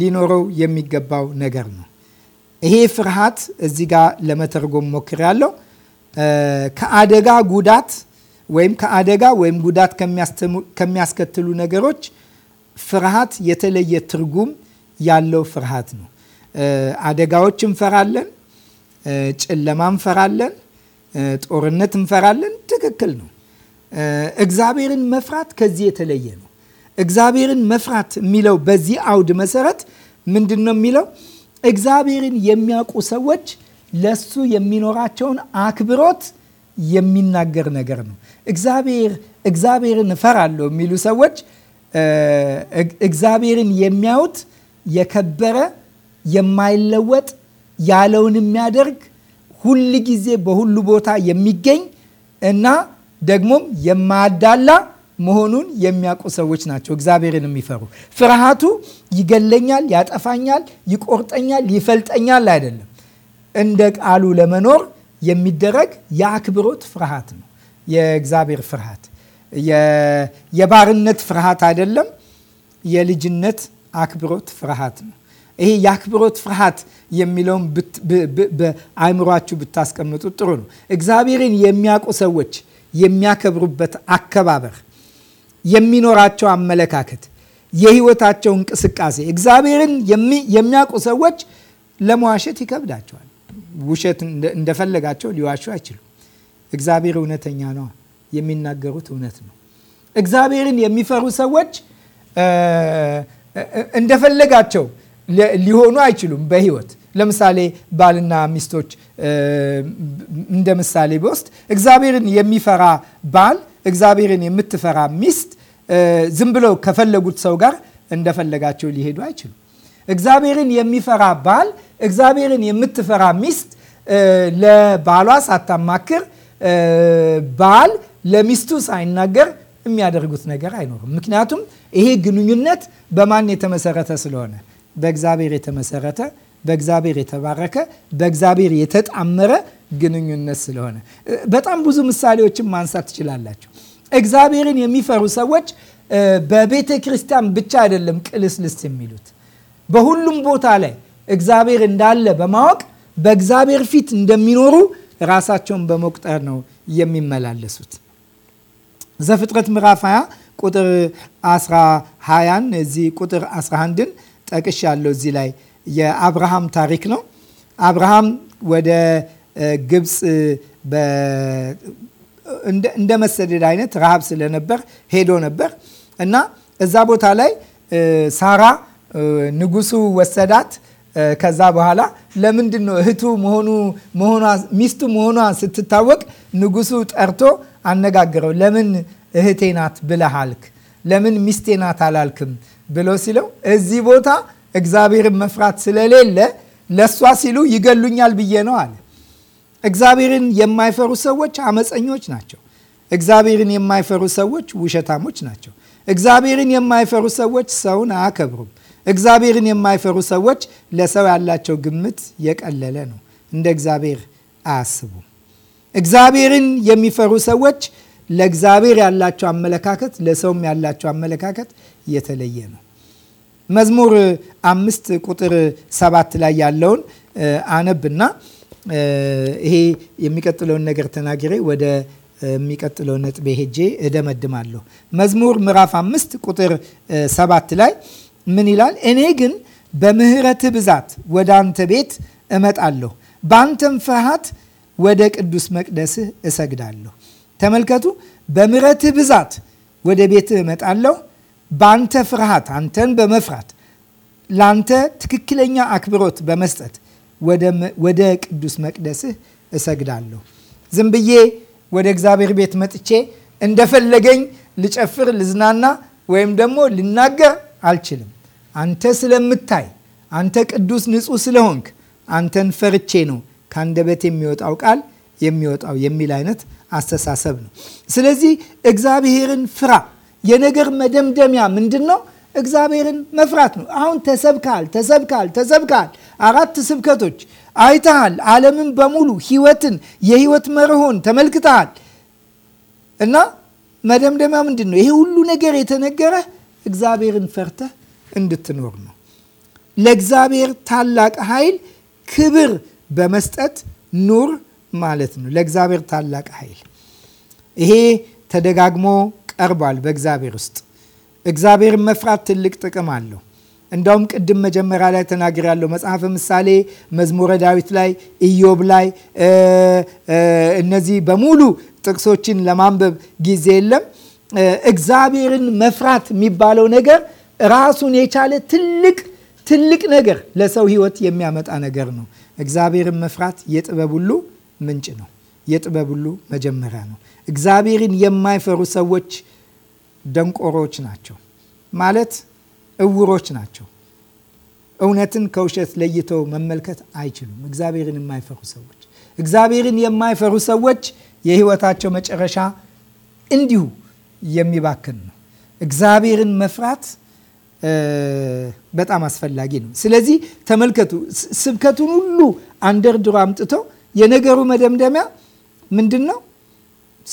ሊኖረው የሚገባው ነገር ነው። ይሄ ፍርሃት እዚህ ጋር ለመተርጎም ሞክር ያለው ከአደጋ ጉዳት ወይም ከአደጋ ወይም ጉዳት ከሚያስከትሉ ነገሮች ፍርሃት የተለየ ትርጉም ያለው ፍርሃት ነው። አደጋዎች እንፈራለን፣ ጨለማ እንፈራለን፣ ጦርነት እንፈራለን። ትክክል ነው። እግዚአብሔርን መፍራት ከዚህ የተለየ ነው። እግዚአብሔርን መፍራት የሚለው በዚህ አውድ መሰረት ምንድን ነው የሚለው? እግዚአብሔርን የሚያውቁ ሰዎች ለሱ የሚኖራቸውን አክብሮት የሚናገር ነገር ነው። እግዚአብሔር እግዚአብሔርን እፈራለሁ የሚሉ ሰዎች እግዚአብሔርን የሚያዩት የከበረ የማይለወጥ ያለውን የሚያደርግ ሁል ጊዜ በሁሉ ቦታ የሚገኝ እና ደግሞም የማያዳላ መሆኑን የሚያውቁ ሰዎች ናቸው። እግዚአብሔርን የሚፈሩ ፍርሃቱ ይገለኛል፣ ያጠፋኛል፣ ይቆርጠኛል፣ ይፈልጠኛል አይደለም። እንደ ቃሉ ለመኖር የሚደረግ የአክብሮት ፍርሃት ነው። የእግዚአብሔር ፍርሃት የባርነት ፍርሃት አይደለም። የልጅነት አክብሮት ፍርሃት ነው። ይሄ የአክብሮት ፍርሃት የሚለውን በአእምሯችሁ ብታስቀምጡት ጥሩ ነው። እግዚአብሔርን የሚያውቁ ሰዎች የሚያከብሩበት አከባበር፣ የሚኖራቸው አመለካከት፣ የህይወታቸው እንቅስቃሴ እግዚአብሔርን የሚያውቁ ሰዎች ለመዋሸት ይከብዳቸዋል። ውሸት እንደፈለጋቸው ሊዋሹ አይችሉም። እግዚአብሔር እውነተኛ ነው። የሚናገሩት እውነት ነው። እግዚአብሔርን የሚፈሩ ሰዎች እንደፈለጋቸው ሊሆኑ አይችሉም በህይወት ለምሳሌ ባልና ሚስቶች እንደ ምሳሌ በውስጥ እግዚአብሔርን የሚፈራ ባል እግዚአብሔርን የምትፈራ ሚስት ዝም ብለው ከፈለጉት ሰው ጋር እንደፈለጋቸው ሊሄዱ አይችሉም። እግዚአብሔርን የሚፈራ ባል እግዚአብሔርን የምትፈራ ሚስት ለባሏ ሳታማክር ባል ለሚስቱ ሳይናገር የሚያደርጉት ነገር አይኖርም። ምክንያቱም ይሄ ግንኙነት በማን የተመሰረተ ስለሆነ በእግዚአብሔር የተመሰረተ በእግዚአብሔር የተባረከ በእግዚአብሔር የተጣመረ ግንኙነት ስለሆነ በጣም ብዙ ምሳሌዎችን ማንሳት ትችላላችሁ። እግዚአብሔርን የሚፈሩ ሰዎች በቤተ ክርስቲያን ብቻ አይደለም ቅልስልስ የሚሉት በሁሉም ቦታ ላይ እግዚአብሔር እንዳለ በማወቅ በእግዚአብሔር ፊት እንደሚኖሩ ራሳቸውን በመቁጠር ነው የሚመላለሱት። ዘፍጥረት ምዕራፍ 20 ቁጥር 20ን እዚህ ቁጥር 11ን ጠቅሽ ያለው እዚህ ላይ የአብርሃም ታሪክ ነው። አብርሃም ወደ ግብፅ እንደ መሰደድ አይነት ረሃብ ስለነበር ሄዶ ነበር እና እዛ ቦታ ላይ ሳራ ንጉሱ ወሰዳት። ከዛ በኋላ ለምንድን ነው እህቱ ሚስቱ መሆኗ ስትታወቅ ንጉሱ ጠርቶ አነጋግረው ለምን እህቴ ናት ብለህ አልክ? ለምን ሚስቴ ናት አላልክም ብሎ ሲለው እዚህ ቦታ እግዚአብሔርን መፍራት ስለሌለ ለእሷ ሲሉ ይገሉኛል ብዬ ነው አለ። እግዚአብሔርን የማይፈሩ ሰዎች አመፀኞች ናቸው። እግዚአብሔርን የማይፈሩ ሰዎች ውሸታሞች ናቸው። እግዚአብሔርን የማይፈሩ ሰዎች ሰውን አያከብሩም። እግዚአብሔርን የማይፈሩ ሰዎች ለሰው ያላቸው ግምት የቀለለ ነው። እንደ እግዚአብሔር አያስቡም። እግዚአብሔርን የሚፈሩ ሰዎች ለእግዚአብሔር ያላቸው አመለካከት ለሰውም ያላቸው አመለካከት የተለየ ነው። መዝሙር አምስት ቁጥር ሰባት ላይ ያለውን አነብና ይሄ የሚቀጥለውን ነገር ተናግሬ ወደ የሚቀጥለው ነጥቤ ሄጄ እደመድማለሁ። መዝሙር ምዕራፍ አምስት ቁጥር ሰባት ላይ ምን ይላል? እኔ ግን በምህረት ብዛት ወደ አንተ ቤት እመጣለሁ፣ በአንተም ፍርሃት ወደ ቅዱስ መቅደስህ እሰግዳለሁ። ተመልከቱ። በምህረት ብዛት ወደ ቤትህ እመጣለሁ፣ በአንተ ፍርሃት፣ አንተን በመፍራት ለአንተ ትክክለኛ አክብሮት በመስጠት ወደ ቅዱስ መቅደስህ እሰግዳለሁ። ዝም ብዬ ወደ እግዚአብሔር ቤት መጥቼ እንደፈለገኝ ልጨፍር፣ ልዝናና ወይም ደግሞ ልናገር አልችልም። አንተ ስለምታይ፣ አንተ ቅዱስ ንጹህ ስለሆንክ አንተን ፈርቼ ነው ከአንደበት የሚወጣው ቃል የሚወጣው የሚል አይነት አስተሳሰብ ነው። ስለዚህ እግዚአብሔርን ፍራ። የነገር መደምደሚያ ምንድን ነው? እግዚአብሔርን መፍራት ነው። አሁን ተሰብካል ተሰብካል ተሰብካል። አራት ስብከቶች አይተሃል። ዓለምን በሙሉ ህይወትን፣ የህይወት መርሆን ተመልክተሃል እና መደምደሚያ ምንድን ነው? ይሄ ሁሉ ነገር የተነገረህ እግዚአብሔርን ፈርተህ እንድትኖር ነው። ለእግዚአብሔር ታላቅ ኃይል ክብር በመስጠት ኑር ማለት ነው። ለእግዚአብሔር ታላቅ ኃይል ይሄ ተደጋግሞ ቀርቧል በእግዚአብሔር ውስጥ። እግዚአብሔርን መፍራት ትልቅ ጥቅም አለው። እንዳውም ቅድም መጀመሪያ ላይ ያለው መጽሐፈ ምሳሌ፣ መዝሙረ ዳዊት ላይ፣ ኢዮብ ላይ እነዚህ በሙሉ ጥቅሶችን ለማንበብ ጊዜ የለም። እግዚአብሔርን መፍራት የሚባለው ነገር ራሱን የቻለ ትልቅ ትልቅ ነገር ለሰው ህይወት የሚያመጣ ነገር ነው። እግዚአብሔርን መፍራት የጥበብ ሁሉ ምንጭ ነው። የጥበብ ሁሉ መጀመሪያ ነው። እግዚአብሔርን የማይፈሩ ሰዎች ደንቆሮች ናቸው፣ ማለት እውሮች ናቸው። እውነትን ከውሸት ለይተው መመልከት አይችሉም። እግዚአብሔርን የማይፈሩ ሰዎች እግዚአብሔርን የማይፈሩ ሰዎች የህይወታቸው መጨረሻ እንዲሁ የሚባክን ነው። እግዚአብሔርን መፍራት በጣም አስፈላጊ ነው። ስለዚህ ተመልከቱ፣ ስብከቱን ሁሉ አንደርድሮ አምጥቶ የነገሩ መደምደሚያ ምንድን ነው?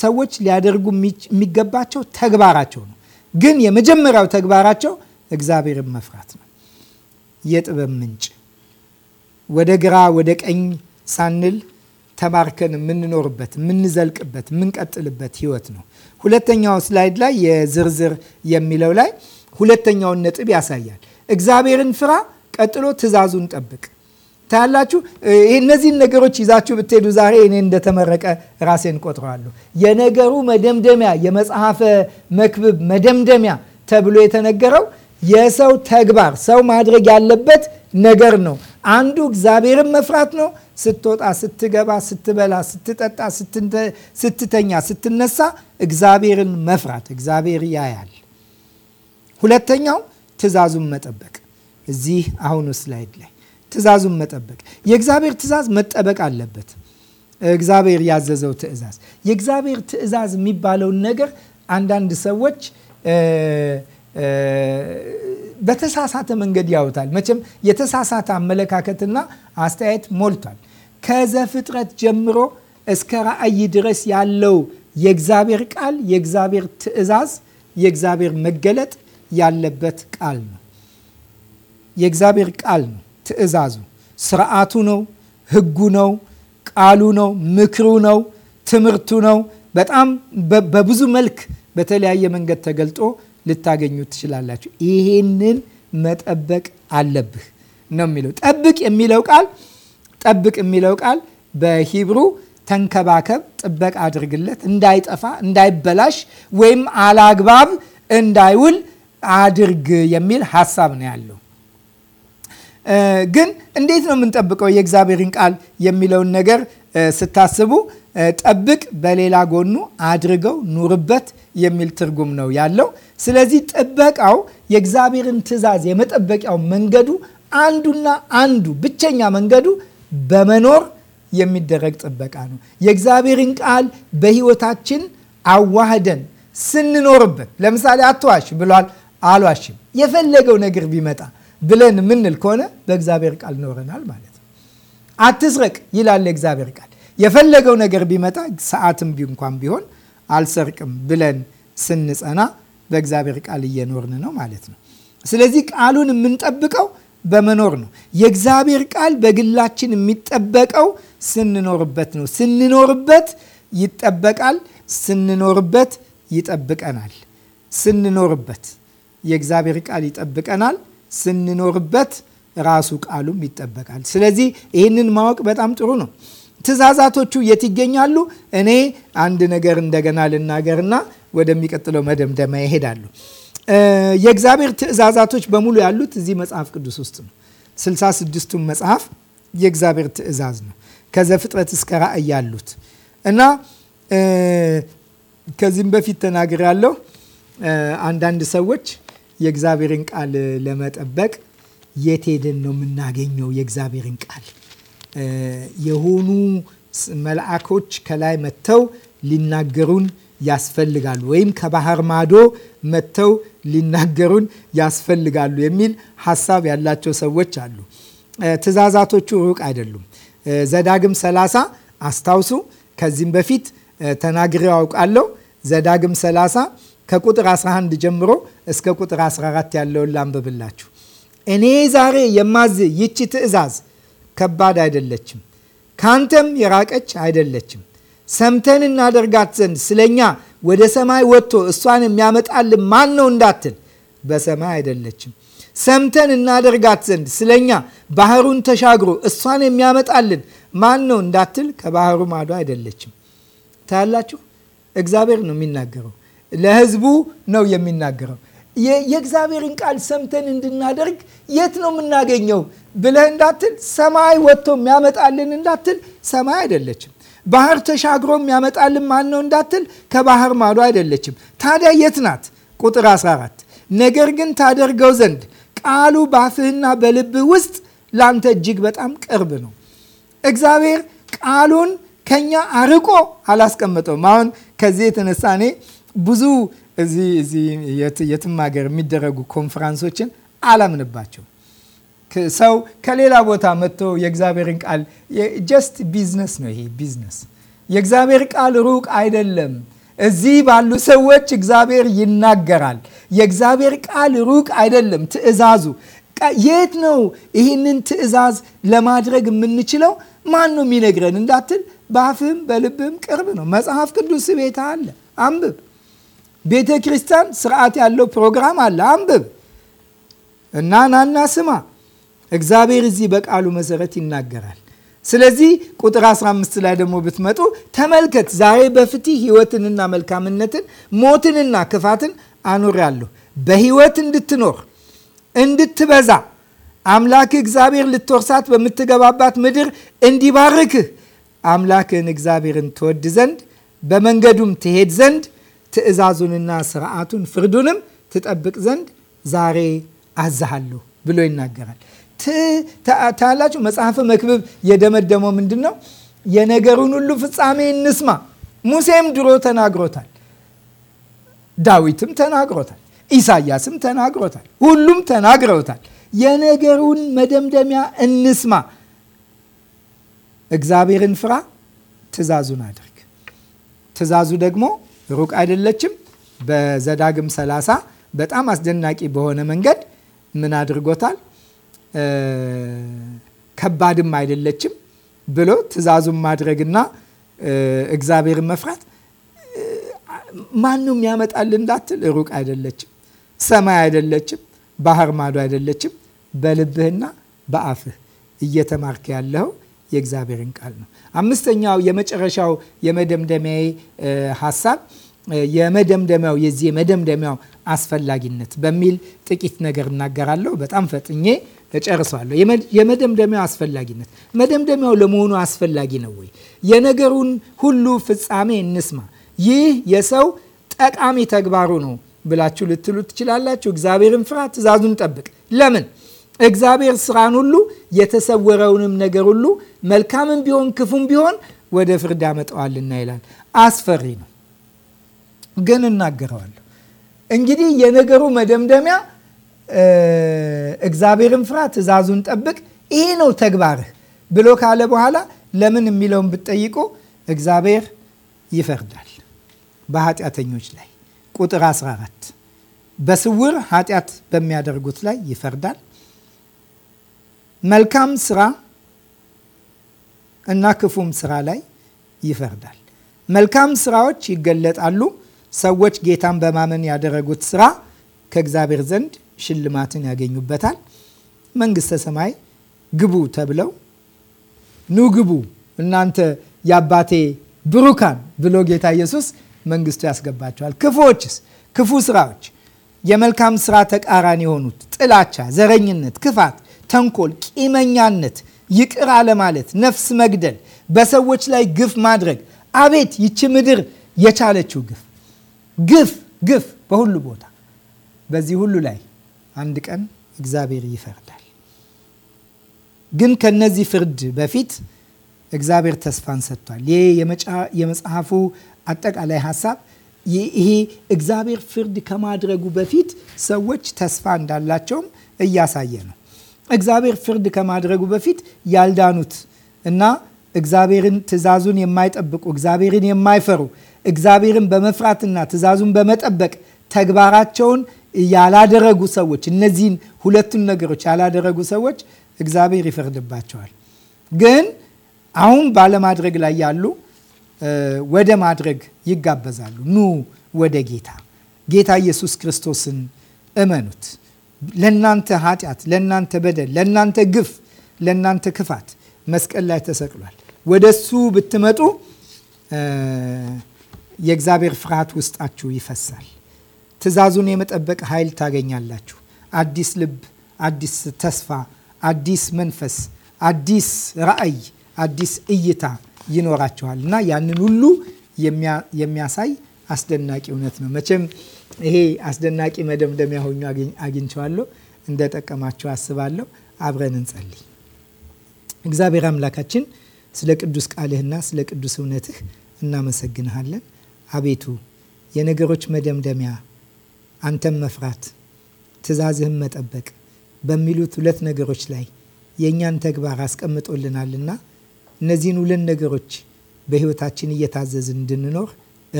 ሰዎች ሊያደርጉ የሚገባቸው ተግባራቸው ነው። ግን የመጀመሪያው ተግባራቸው እግዚአብሔርን መፍራት ነው። የጥበብ ምንጭ ወደ ግራ ወደ ቀኝ ሳንል ተማርከን የምንኖርበት፣ የምንዘልቅበት፣ የምንቀጥልበት ህይወት ነው። ሁለተኛው ስላይድ ላይ የዝርዝር የሚለው ላይ ሁለተኛውን ነጥብ ያሳያል። እግዚአብሔርን ፍራ፣ ቀጥሎ ትእዛዙን ጠብቅ። ታያላችሁ። እነዚህን ነገሮች ይዛችሁ ብትሄዱ ዛሬ እኔ እንደተመረቀ ራሴን ቆጥረዋለሁ። የነገሩ መደምደሚያ የመጽሐፈ መክብብ መደምደሚያ ተብሎ የተነገረው የሰው ተግባር ሰው ማድረግ ያለበት ነገር ነው። አንዱ እግዚአብሔርን መፍራት ነው። ስትወጣ፣ ስትገባ፣ ስትበላ፣ ስትጠጣ፣ ስትተኛ፣ ስትነሳ እግዚአብሔርን መፍራት እግዚአብሔር ያያል። ሁለተኛው ትእዛዙን መጠበቅ እዚህ አሁኑ ስላይድ ላይ ትእዛዙን መጠበቅ የእግዚአብሔር ትእዛዝ መጠበቅ አለበት። እግዚአብሔር ያዘዘው ትእዛዝ የእግዚአብሔር ትእዛዝ የሚባለውን ነገር አንዳንድ ሰዎች በተሳሳተ መንገድ ያውታል። መቼም የተሳሳተ አመለካከትና አስተያየት ሞልቷል። ከዘፍጥረት ጀምሮ እስከ ራእይ ድረስ ያለው የእግዚአብሔር ቃል የእግዚአብሔር ትእዛዝ የእግዚአብሔር መገለጥ ያለበት ቃል ነው። የእግዚአብሔር ቃል ነው። ትእዛዙ ስርዓቱ ነው፣ ህጉ ነው፣ ቃሉ ነው፣ ምክሩ ነው፣ ትምህርቱ ነው። በጣም በብዙ መልክ በተለያየ መንገድ ተገልጦ ልታገኙ ትችላላችሁ። ይሄንን መጠበቅ አለብህ ነው የሚለው ጠብቅ የሚለው ቃል ጠብቅ የሚለው ቃል በሂብሩ ተንከባከብ፣ ጥበቃ አድርግለት፣ እንዳይጠፋ፣ እንዳይበላሽ ወይም አላግባብ እንዳይውል አድርግ የሚል ሀሳብ ነው ያለው። ግን እንዴት ነው የምንጠብቀው የእግዚአብሔርን ቃል የሚለውን ነገር ስታስቡ ጠብቅ፣ በሌላ ጎኑ አድርገው፣ ኑርበት የሚል ትርጉም ነው ያለው። ስለዚህ ጥበቃው የእግዚአብሔርን ትእዛዝ የመጠበቂያው መንገዱ አንዱና አንዱ ብቸኛ መንገዱ በመኖር የሚደረግ ጥበቃ ነው። የእግዚአብሔርን ቃል በህይወታችን አዋህደን ስንኖርበት፣ ለምሳሌ አትዋሽ ብሏል። አልዋሽም የፈለገው ነገር ቢመጣ ብለን የምንል ከሆነ በእግዚአብሔር ቃል ኖረናል ማለት ነው። አትስረቅ ይላል የእግዚአብሔር ቃል። የፈለገው ነገር ቢመጣ ሰዓትም እንኳን ቢሆን አልሰርቅም ብለን ስንጸና በእግዚአብሔር ቃል እየኖርን ነው ማለት ነው። ስለዚህ ቃሉን የምንጠብቀው በመኖር ነው። የእግዚአብሔር ቃል በግላችን የሚጠበቀው ስንኖርበት ነው። ስንኖርበት ይጠበቃል፣ ስንኖርበት ይጠብቀናል። ስንኖርበት የእግዚአብሔር ቃል ይጠብቀናል፣ ስንኖርበት ራሱ ቃሉም ይጠበቃል። ስለዚህ ይህንን ማወቅ በጣም ጥሩ ነው። ትእዛዛቶቹ የት ይገኛሉ? እኔ አንድ ነገር እንደገና ልናገርና ወደሚቀጥለው መደምደማ ይሄዳሉ። የእግዚአብሔር ትእዛዛቶች በሙሉ ያሉት እዚህ መጽሐፍ ቅዱስ ውስጥ ነው። ስልሳ ስድስቱን መጽሐፍ የእግዚአብሔር ትእዛዝ ነው ከዘፍጥረት እስከ ራእይ ያሉት እና ከዚህም በፊት ተናግር ያለው አንዳንድ ሰዎች የእግዚአብሔርን ቃል ለመጠበቅ የት ሄደን ነው የምናገኘው የእግዚአብሔርን ቃል የሆኑ መልአኮች ከላይ መጥተው ሊናገሩን ያስፈልጋሉ ወይም ከባህር ማዶ መጥተው ሊናገሩን ያስፈልጋሉ የሚል ሀሳብ ያላቸው ሰዎች አሉ። ትእዛዛቶቹ ሩቅ አይደሉም። ዘዳግም 30 አስታውሱ። ከዚህም በፊት ተናግሪ አውቃለሁ። ዘዳግም 30 ከቁጥር 11 ጀምሮ እስከ ቁጥር 14 ያለውን ላንብብላችሁ። እኔ ዛሬ የማዝ ይቺ ትእዛዝ ከባድ አይደለችም፣ ካንተም የራቀች አይደለችም። ሰምተን እናደርጋት ዘንድ ስለኛ ወደ ሰማይ ወጥቶ እሷን የሚያመጣልን ማን ነው እንዳትል፣ በሰማይ አይደለችም። ሰምተን እናደርጋት ዘንድ ስለኛ ባህሩን ተሻግሮ እሷን የሚያመጣልን ማን ነው እንዳትል፣ ከባህሩ ማዶ አይደለችም። ታያላችሁ፣ እግዚአብሔር ነው የሚናገረው፣ ለህዝቡ ነው የሚናገረው። የእግዚአብሔርን ቃል ሰምተን እንድናደርግ የት ነው የምናገኘው ብለህ እንዳትል፣ ሰማይ ወጥቶ የሚያመጣልን እንዳትል፣ ሰማይ አይደለችም። ባህር ተሻግሮም ያመጣልን ማን ነው እንዳትል ከባህር ማዶ አይደለችም። ታዲያ የት ናት? ቁጥር 14 ነገር ግን ታደርገው ዘንድ ቃሉ ባፍህና በልብህ ውስጥ ላንተ እጅግ በጣም ቅርብ ነው። እግዚአብሔር ቃሉን ከኛ አርቆ አላስቀመጠውም። አሁን ከዚህ የተነሳ እኔ ብዙ እዚህ የትም ሀገር የሚደረጉ ኮንፈራንሶችን አላምንባቸው ሰው ከሌላ ቦታ መጥቶ የእግዚአብሔርን ቃል ጀስት ቢዝነስ ነው። ይሄ ቢዝነስ የእግዚአብሔር ቃል ሩቅ አይደለም። እዚህ ባሉ ሰዎች እግዚአብሔር ይናገራል። የእግዚአብሔር ቃል ሩቅ አይደለም። ትዕዛዙ የት ነው? ይህንን ትዕዛዝ ለማድረግ የምንችለው ማን ነው የሚነግረን እንዳትል፣ በአፍህም በልብህም ቅርብ ነው። መጽሐፍ ቅዱስ ቤታ አለ፣ አንብብ። ቤተ ክርስቲያን ስርዓት ያለው ፕሮግራም አለ፣ አንብብ እና ናና ስማ እግዚአብሔር እዚህ በቃሉ መሰረት ይናገራል። ስለዚህ ቁጥር 15 ላይ ደግሞ ብትመጡ ተመልከት፣ ዛሬ በፍትህ ህይወትንና መልካምነትን ሞትንና ክፋትን አኖራለሁ። በህይወት እንድትኖር እንድትበዛ አምላክ እግዚአብሔር ልትወርሳት በምትገባባት ምድር እንዲባርክህ አምላክህን እግዚአብሔርን ትወድ ዘንድ በመንገዱም ትሄድ ዘንድ ትእዛዙንና ስርዓቱን ፍርዱንም ትጠብቅ ዘንድ ዛሬ አዛሃለሁ ብሎ ይናገራል። ታያላችሁ። መጽሐፈ መክብብ የደመደመው ምንድን ነው? የነገሩን ሁሉ ፍጻሜ እንስማ። ሙሴም ድሮ ተናግሮታል፣ ዳዊትም ተናግሮታል፣ ኢሳያስም ተናግሮታል፣ ሁሉም ተናግረውታል። የነገሩን መደምደሚያ እንስማ። እግዚአብሔርን ፍራ፣ ትእዛዙን አድርግ። ትእዛዙ ደግሞ ሩቅ አይደለችም። በዘዳግም 30 በጣም አስደናቂ በሆነ መንገድ ምን አድርጎታል? ከባድም አይደለችም ብሎ ትእዛዙን ማድረግና እግዚአብሔርን መፍራት ማንም ያመጣል እንዳትል ሩቅ አይደለችም። ሰማይ አይደለችም፣ ባህር ማዶ አይደለችም። በልብህና በአፍህ እየተማርክ ያለው የእግዚአብሔርን ቃል ነው። አምስተኛው የመጨረሻው የመደምደሚያ ሀሳብ የመደምደሚያው የዚህ የመደምደሚያው አስፈላጊነት በሚል ጥቂት ነገር እናገራለሁ። በጣም ፈጥኜ እጨርሰዋለሁ። የመደምደሚያው አስፈላጊነት መደምደሚያው ለመሆኑ አስፈላጊ ነው ወይ? የነገሩን ሁሉ ፍጻሜ እንስማ። ይህ የሰው ጠቃሚ ተግባሩ ነው ብላችሁ ልትሉ ትችላላችሁ። እግዚአብሔርን ፍራ፣ ትእዛዙን ጠብቅ። ለምን? እግዚአብሔር ስራን ሁሉ የተሰወረውንም ነገር ሁሉ መልካምም ቢሆን ክፉም ቢሆን ወደ ፍርድ ያመጣዋልና ይላል። አስፈሪ ነው፣ ግን እናገረዋለሁ። እንግዲህ የነገሩ መደምደሚያ እግዚአብሔርን ፍራ፣ ትእዛዙን ጠብቅ፣ ይሄ ነው ተግባርህ ብሎ ካለ በኋላ ለምን የሚለውን ብትጠይቁ እግዚአብሔር ይፈርዳል በኃጢአተኞች ላይ ቁጥር 14 በስውር ኃጢአት በሚያደርጉት ላይ ይፈርዳል። መልካም ስራ እና ክፉም ስራ ላይ ይፈርዳል። መልካም ስራዎች ይገለጣሉ። ሰዎች ጌታን በማመን ያደረጉት ስራ ከእግዚአብሔር ዘንድ ሽልማትን ያገኙበታል። መንግስተ ሰማይ ግቡ ተብለው ኑ ግቡ እናንተ የአባቴ ብሩካን ብሎ ጌታ ኢየሱስ መንግስቱ ያስገባቸዋል። ክፉዎችስ ክፉ ስራዎች፣ የመልካም ስራ ተቃራኒ የሆኑት ጥላቻ፣ ዘረኝነት፣ ክፋት፣ ተንኮል፣ ቂመኛነት፣ ይቅር አለማለት፣ ነፍስ መግደል፣ በሰዎች ላይ ግፍ ማድረግ። አቤት ይቺ ምድር የቻለችው ግፍ ግፍ ግፍ በሁሉ ቦታ በዚህ ሁሉ ላይ አንድ ቀን እግዚአብሔር ይፈርዳል። ግን ከነዚህ ፍርድ በፊት እግዚአብሔር ተስፋን ሰጥቷል። ይሄ የመጽሐፉ አጠቃላይ ሀሳብ ይሄ እግዚአብሔር ፍርድ ከማድረጉ በፊት ሰዎች ተስፋ እንዳላቸውም እያሳየ ነው። እግዚአብሔር ፍርድ ከማድረጉ በፊት ያልዳኑት እና እግዚአብሔርን ትእዛዙን የማይጠብቁ እግዚአብሔርን የማይፈሩ እግዚአብሔርን በመፍራትና ትእዛዙን በመጠበቅ ተግባራቸውን ያላደረጉ ሰዎች እነዚህን ሁለቱን ነገሮች ያላደረጉ ሰዎች እግዚአብሔር ይፈርድባቸዋል። ግን አሁን ባለማድረግ ላይ ያሉ ወደ ማድረግ ይጋበዛሉ። ኑ ወደ ጌታ ጌታ ኢየሱስ ክርስቶስን እመኑት። ለእናንተ ኃጢአት፣ ለእናንተ በደል፣ ለእናንተ ግፍ፣ ለእናንተ ክፋት መስቀል ላይ ተሰቅሏል። ወደ እሱ ብትመጡ የእግዚአብሔር ፍርሃት ውስጣችሁ ይፈሳል። ትእዛዙን የመጠበቅ ኃይል ታገኛላችሁ። አዲስ ልብ፣ አዲስ ተስፋ፣ አዲስ መንፈስ፣ አዲስ ራዕይ፣ አዲስ እይታ ይኖራችኋል እና ያንን ሁሉ የሚያሳይ አስደናቂ እውነት ነው። መቼም ይሄ አስደናቂ መደምደሚያ ሆኜ አግኝቸዋለሁ። እንደጠቀማችሁ አስባለሁ። አብረን እንጸልይ። እግዚአብሔር አምላካችን ስለ ቅዱስ ቃልህና ስለ ቅዱስ እውነትህ እናመሰግንሃለን። አቤቱ የነገሮች መደምደሚያ አንተም መፍራት ትእዛዝህን መጠበቅ በሚሉት ሁለት ነገሮች ላይ የእኛን ተግባር አስቀምጦልናልና እነዚህን ሁለት ነገሮች በህይወታችን እየታዘዝን እንድንኖር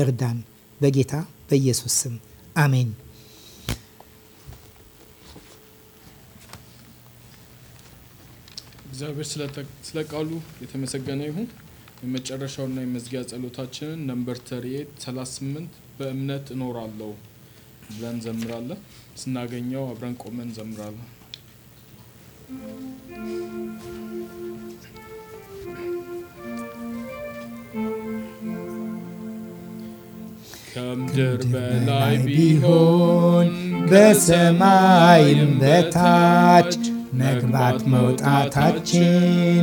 እርዳን። በጌታ በኢየሱስ ስም አሜን። እግዚአብሔር ስለ ቃሉ የተመሰገነ ይሁን። የመጨረሻውና የመዝጊያ ጸሎታችንን ነምበር ተርኤት 38 በእምነት እኖራለሁ ብለን እንዘምራለን። ስናገኘው አብረን ቆመን እንዘምራለን። ከምድር በላይ ቢሆን በሰማይም በታች መግባት መውጣታችን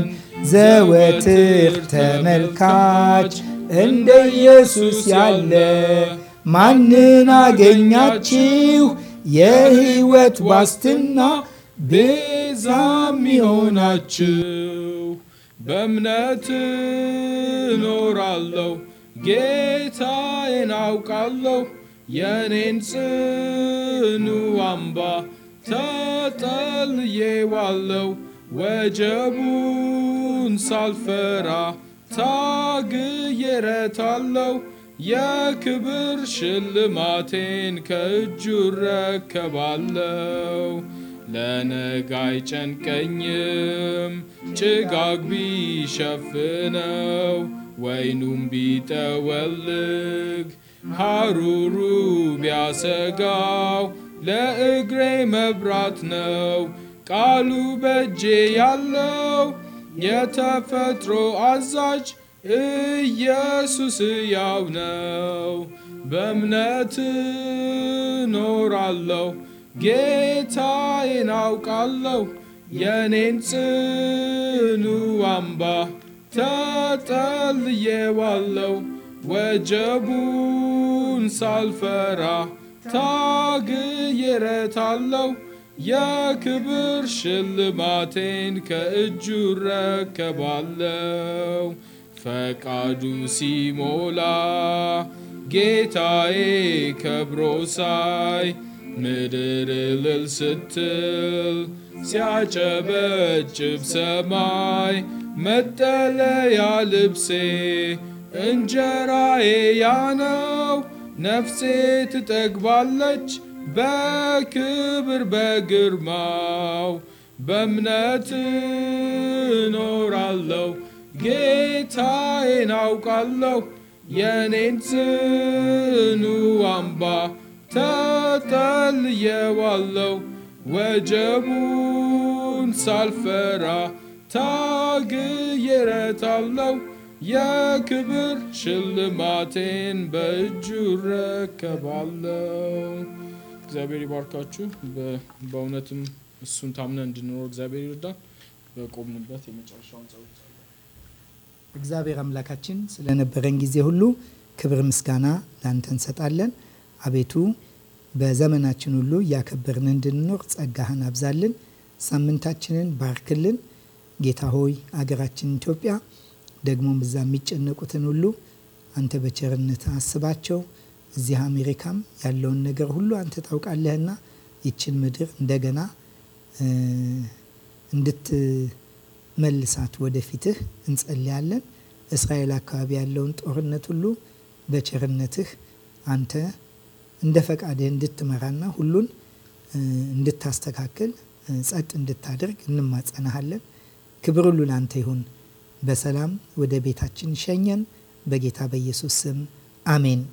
ዘወትር ተመልካች እንደ ኢየሱስ ያለ ማንን አገኛችሁ? የህይወት ዋስትና ቤዛም ይሆናችሁ። በእምነት እኖራለሁ፣ ጌታዬን አውቃለሁ። የኔን ጽኑ አምባ ተጠልዬዋለሁ። ወጀቡን ሳልፈራ ታግዬ ረታለሁ። የክብር ሽልማቴን ከእጁ ረከባለው። ለነጋ አይጨንቀኝም ጭጋግ ቢሸፍነው ወይኑም ቢጠወልግ ሐሩሩ ቢያሰጋው ለእግሬ መብራት ነው። ቃሉ በእጄ ያለው የተፈጥሮ አዛዥ ኢየሱስ ያው ነው። በእምነት ኖራለሁ፣ ጌታዬን አውቃለሁ። የኔን ጽኑ አምባ ተጠልዬዋለሁ። ወጀቡን ሳልፈራ ታግዬ ረታለሁ። የክብር ሽልማቴን ከእጁ ረከባለሁ። ፈቃዱ ሲሞላ ጌታዬ ከብሮ ሳይ ምድር እልል ስትል ሲያጨበጭብ ሰማይ መጠለያ ልብሴ እንጀራዬ ያነው ነፍሴ ትጠግባለች በክብር በግርማው በእምነት እኖራለሁ። ጌታዬን አውቃለሁ የኔን ጽኑ አምባ ተጠልየዋለሁ ወጀቡን ሳልፈራ ታግዬ ረታለሁ የክብር ሽልማቴን በእጁ ረከባለሁ። እግዚአብሔር ይባርካችሁ። በእውነትም እሱን ታምነ እንድንኖር እግዚአብሔር ይርዳን። በቆምንበት የመጨረሻውን ጸሎት እግዚአብሔር አምላካችን ስለነበረን ጊዜ ሁሉ ክብር ምስጋና ላንተ እንሰጣለን። አቤቱ በዘመናችን ሁሉ እያከበርን እንድንኖር ጸጋህን አብዛልን፣ ሳምንታችንን ባርክልን። ጌታ ሆይ አገራችን ኢትዮጵያ ደግሞ እዛ የሚጨነቁትን ሁሉ አንተ በቸርነት አስባቸው። እዚህ አሜሪካም ያለውን ነገር ሁሉ አንተ ታውቃለህና ይችን ምድር እንደገና እንድት መልሳት ወደፊትህ እንጸልያለን። እስራኤል አካባቢ ያለውን ጦርነት ሁሉ በቸርነትህ አንተ እንደ ፈቃድህ እንድትመራና ሁሉን እንድታስተካክል ጸጥ እንድታደርግ እንማጸናሃለን። ክብር ሁሉ ላንተ ይሁን። በሰላም ወደ ቤታችን ሸኘን። በጌታ በኢየሱስ ስም አሜን።